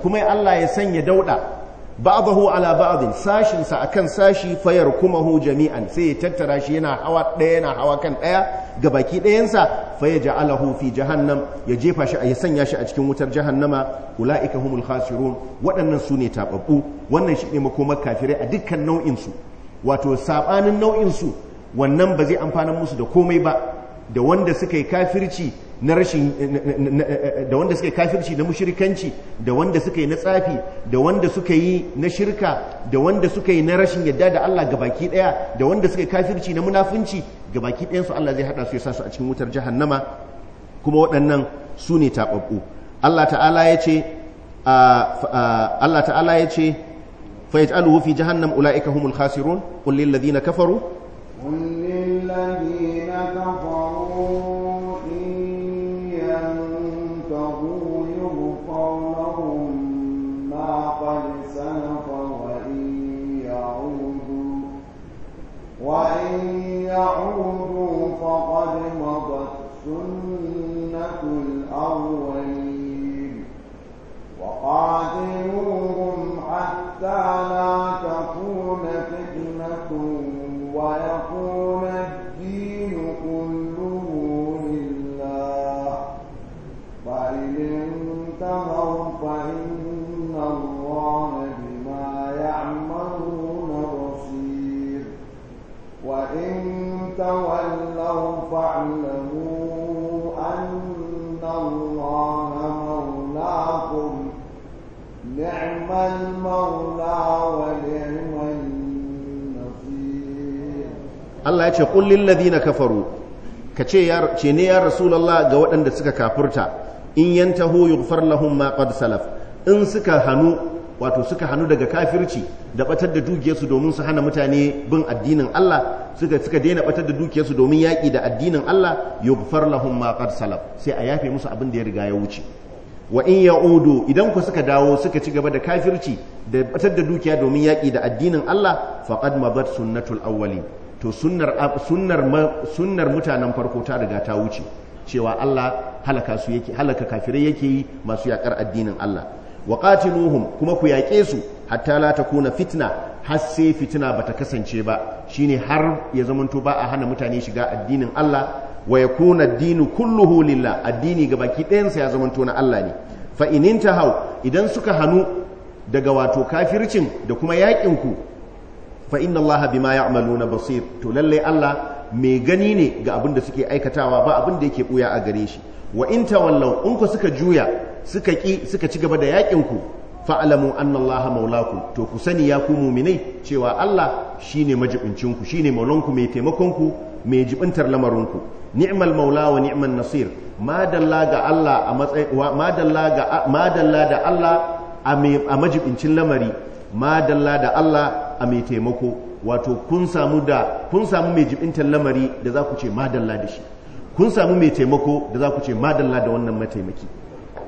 kuma Allah ya sanya dauɗa ba'dahu ala ba'd sashin sa akan sashi fayar kumahu jami'an sai ya tattara shi yana hawa daya yana hawa kan daya ga baki dayan sa fayaj'alahu fi jahannam ya jefa shi ya sanya shi a cikin wutar jahannama ulaika humul khasirun waɗannan sune tababbu wannan shine makoma kafirai a dukkan nau'insu wato sabanin nau'insu wannan ba zai amfana musu da komai ba da wanda suka yi kafirci na rashin eh, eh, eh, da wanda suka yi kafirci na mushrikanci da wanda suka yi na tsafi da wanda suka yi na shirka da wanda suka yi na rashin yadda da Allah gabaki daya da wanda suka yi kafirci na munafunci gabaki daya su Allah zai hada su ya sa su a cikin wutar jahannama kuma waɗannan su ne tababbu Allah ta'ala ya ce Allah ta'ala ya ce fa yaj'aluhu fi ulaika humul khasirun qul lil ladina kafaru qul يعودوا فقد مضت سنة الأول Allah ya ce kullin ladina kafaru ka ce ya ce ne ya rasulallah ga waɗanda suka kafurta in yantahu yughfar lahum ma qad salaf in suka hanu wato suka hanu daga kafirci da batar da dukiyarsu domin su hana mutane bin addinin Allah suka suka daina batar da dukiyarsu domin yaƙi da addinin Allah yughfar lahum ma qad salaf sai a yafe musu abin da ya riga ya wuce wa in ya'udu idan ku suka dawo suka ci gaba da kafirci da batar da dukiya domin yaƙi da addinin Allah faqad mabat sunnatul awwalin to sunnar mutanen farko ta riga ta wuce cewa Allah halaka su yake halaka kafirai yake yi masu yakar addinin Allah wa qatiluhum kuma ku yaƙe su hatta la takuna fitna har sai fitina bata kasance ba shine har ya zamanto ba a hana mutane shiga addinin Allah wa yakuna ad-dinu kulluhu lillah addini baki ɗayansa ya zamanto na Allah ne fa in hau idan suka hanu daga wato kafircin da kuma yaƙin ku fa inna allaha bima ya'maluna basir to lalle Allah mai gani ne ga abin da suke aikatawa ba abin da yake buya a gare shi wa in tawallaw in ku suka juya suka ki suka ci gaba da yakin ku fa'ala anna allaha maulakum to ku sani ya ku mu'minai cewa Allah shine majibincin ku shine maulanku mai taimakon ku mai jibintar lamarin ku ni'mal maula wa ni'man nasir madalla ga Allah a madalla ga madalla da Allah a majibincin lamari Madalla da Allah a mai taimako wato kun samu da kun samu mai jibintar lamari da za ku ce ma dalla da shi kun samu mai taimako da za ku ce ma dalla da wannan mataimaki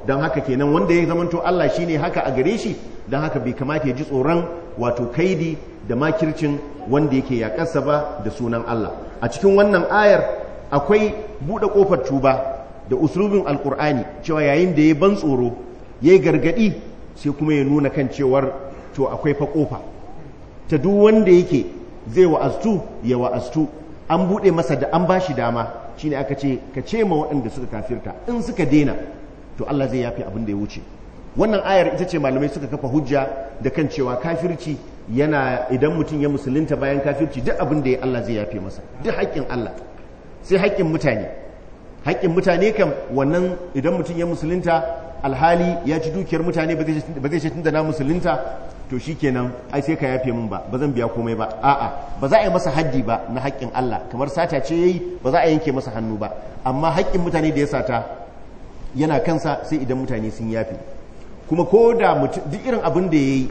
don haka kenan wanda ya zamanto Allah shi ne haka a gare shi don haka bai kamata ya ji tsoron wato kaidi da makircin wanda yake yakarsa ba da sunan Allah a cikin wannan ayar akwai buɗe ƙofar tuba da usulubin alƙur'ani cewa yayin da ya ban tsoro ya gargaɗi sai kuma ya nuna kan cewar to akwai fa kofa ta duk wanda yake zai wa'aztu ya wa'aztu an bude masa da an bashi dama shine aka ce ka ce ma waɗanda suka kafirta in suka daina to Allah zai yafi abin da ya wuce wannan ayar ita ce malamai suka kafa hujja da kan cewa kafirci yana idan mutum ya musulunta bayan kafirci duk abin da ya Allah zai yafe masa duk haƙƙin Allah sai haƙƙin mutane haƙƙin mutane kam wannan idan mutum ya musulunta alhali ya ci dukiyar mutane ba zai ce da na musulunta to shikenan ai sai ka yafe min ba ba zan biya komai ba a'a ba za a yi masa haddi ba na haƙƙin Allah kamar sata ce yayi ba za a yanke masa hannu ba amma haƙƙin mutane da ya sata yana kansa sai idan mutane sun yafe kuma ko da duk irin abin da yayi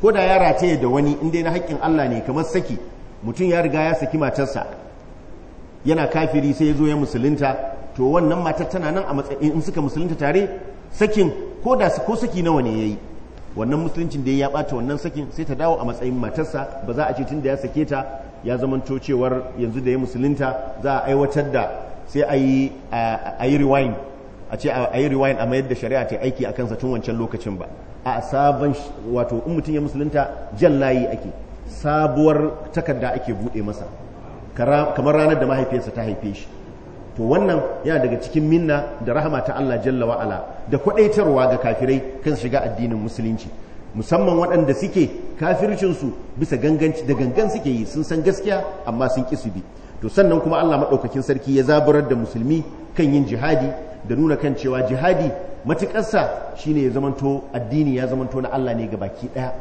ko da ya rataye da wani in dai na haƙƙin Allah ne kamar saki mutum ya riga ya saki matarsa yana kafiri sai ya zo ya musulunta to wannan matar tana nan a matsayin in suka musulunta tare sakin ko da ko saki nawa ne yayi wannan musuluncin da ya bata wannan sakin sai ta dawo a matsayin matarsa ba za a ce tun da ya sake ta ya zamanto cewar yanzu da ya musulunta za a aiwatar da sai a yi a a ce a yi rewind a mayar da shari'a ta aiki a kansa tun wancan lokacin ba a sabon wato in mutum ya musulunta jan layi ake sabuwar takarda ake buɗe masa kamar ranar da mahaifiyarsa ta haife shi to wannan yana daga cikin minna da rahama ta Allah jalla wa'ala da kwadaitarwa ga kafirai kan shiga addinin musulunci musamman waɗanda suke kafircinsu bisa ganganci da gangan suke yi sun san gaskiya amma sun ki su bi to sannan kuma Allah maɗaukakin sarki ya zaburar da musulmi kan yin jihadi da nuna kan cewa jihadi sa shine ya zamanto addini ya zamanto na Allah ne gabaki ɗaya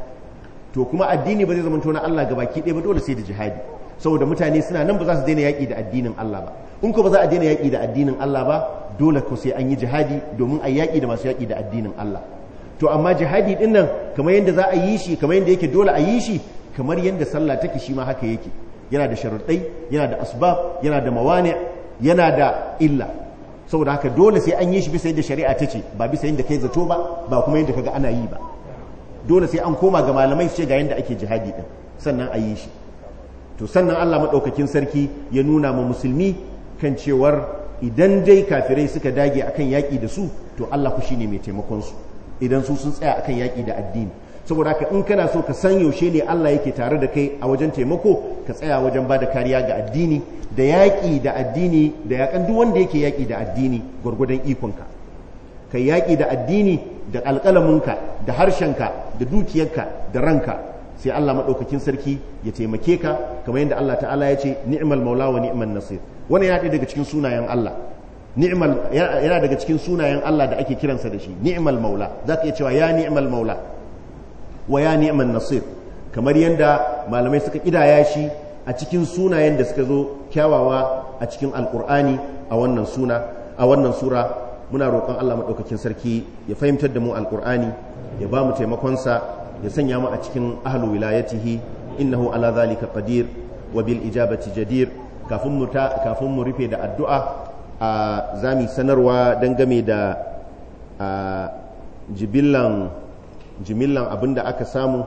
to kuma addini ba zai zamanto na Allah gabaki ɗaya ba dole sai da jihadi saboda mutane suna nan ba za su daina yaƙi da addinin Allah ba in ko ba za a daina yaƙi da addinin Allah ba dole ko sai an yi jihadi domin a yaƙi da masu yaƙi da addinin Allah to amma jihadi din nan kamar yadda za a yi shi kamar yadda yake dole a yi shi kamar yadda sallah take shi ma haka yake yana da sharuɗai yana da asbab yana da mawani yana da illa saboda haka dole sai an yi shi bisa yadda shari'a ta ce ba bisa yadda kai zato ba ba kuma yadda kaga ana yi ba dole sai an koma ga malamai su ce ga yadda ake jihadi din sannan a yi shi to sannan Allah maɗaukakin sarki ya nuna ma musulmi kan cewar idan dai kafirai suka dage akan yaƙi da su to Allah ku ne mai taimakon su idan su sun tsaya akan yaƙi da addini saboda haka in kana so ka san yaushe ne Allah yake tare da kai a wajen taimako ka tsaya wajen bada kariya ga addini da yaƙi da addini da yaƙan duk wanda yake yaƙi da addini gwargwadon ikonka ka yaƙi da addini da alƙalaminka da harshenka da dukiyarka da ranka sai Allah maɗaukakin sarki ya taimake ka kamar yadda Allah ta'ala ya ce ni'mal maula wa ni'mal nasir wani yana daga cikin sunayen Allah ni'mal yana daga cikin sunayen Allah da ake kiransa da shi ni'mal maula zaka iya cewa ya ni'mal maula wa ya ni'mal nasir kamar yadda malamai suka kidaya shi a cikin sunayen da suka zo kyawawa a cikin alkur'ani a wannan suna a wannan sura muna roƙon Allah maɗaukakin sarki ya fahimtar da mu alkur'ani ya ba mu taimakonsa ya sanya mu a cikin ahlu wilayatihi innahu ala zalika qadir wa bil ijabati jadir kafin mu rufe da addu'a a zami sanarwa game da jimillan abin da aka samu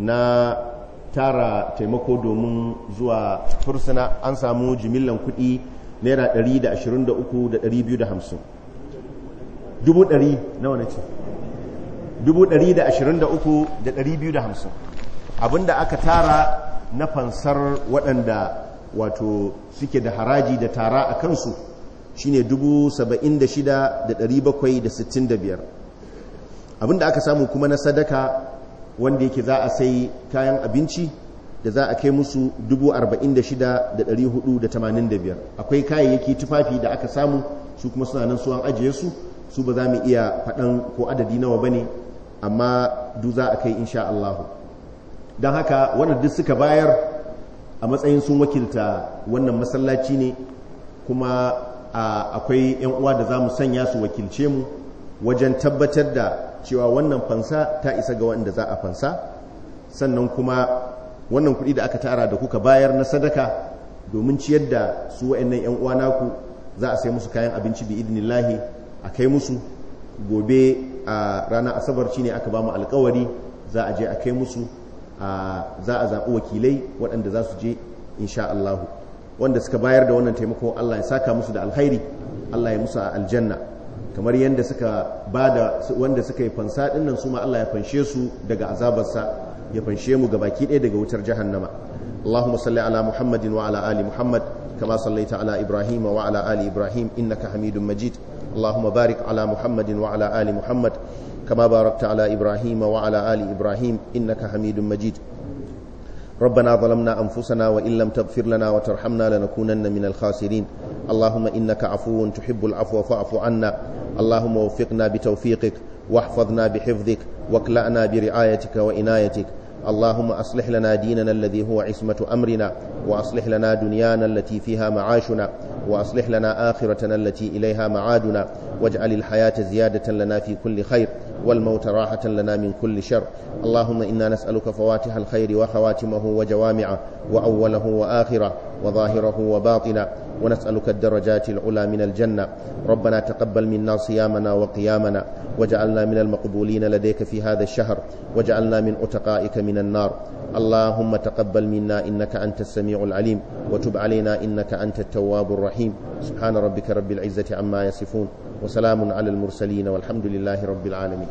na tara taimako domin zuwa fursuna an samu jimillan kuɗi naira 123,250 dubu dari na wane ce dubu dari da ashirin da uku da dari biyu da hamsin abinda aka tara na fansar waɗanda wato suke da haraji da tara a kansu shine 76,765 abinda aka samu kuma na sadaka wanda yake za a sai kayan abinci da za a kai musu 46,485 akwai kayayyaki tufafi da aka samu su kuma suna nan suwan an ajiye su su ba za mu iya faɗan ko adadi nawa ba ne amma du za a kai inshaAllahu. don haka wadanda duk suka bayar a matsayin sun wakilta wannan masallaci ne kuma akwai 'yan uwa da za mu sanya su wakilce mu wajen tabbatar da cewa wannan fansa ta isa ga wanda za a fansa sannan kuma wannan kudi da aka tara da kuka bayar na sadaka domin ciyar da su wa'annan 'yan uwa naku za a sai musu kayan abinci bi lahi a kai musu gobe a ranar asabar ne aka ba mu alkawari za a je a kai musu za a zaɓi wakilai waɗanda za su je insha Allah wanda suka bayar da wannan taimako Allah ya saka musu da alkhairi Allah ya musu aljanna kamar yadda suka bada wanda suka yi fansa nan su ma Allah ya fanshe su daga azabarsa ya fanshe mu gabaki ɗaya daga wutar jahannama Allahumma salli ala Muhammadin wa ala ali Muhammad kama sallaita ala Ibrahim wa ala ali Ibrahim innaka Hamidum Majid اللهم بارك على محمد وعلى آل محمد كما باركت على إبراهيم وعلى آل إبراهيم إنك حميد مجيد ربنا ظلمنا أنفسنا وإن لم تغفر لنا وترحمنا لنكونن من الخاسرين اللهم إنك عفو تحب العفو فاعف عنا اللهم وفقنا بتوفيقك واحفظنا بحفظك واكلأنا برعايتك وإنايتك اللهم أصلح لنا ديننا الذي هو عصمة أمرنا وأصلح لنا دنيانا التي فيها معاشنا وأصلح لنا آخرتنا التي إليها معادنا واجعل الحياة زيادة لنا في كل خير والموت راحة لنا من كل شر اللهم إنا نسألك فواتح الخير وخواتمه وجوامعه وأوله وآخره وظاهره وباطنه ونسألك الدرجات العلى من الجنة ربنا تقبل منا صيامنا وقيامنا وجعلنا من المقبولين لديك في هذا الشهر وجعلنا من أتقائك من النار اللهم تقبل منا إنك أنت السميع العليم وتب علينا إنك أنت التواب الرحيم سبحان ربك رب العزة عما يصفون وسلام على المرسلين والحمد لله رب العالمين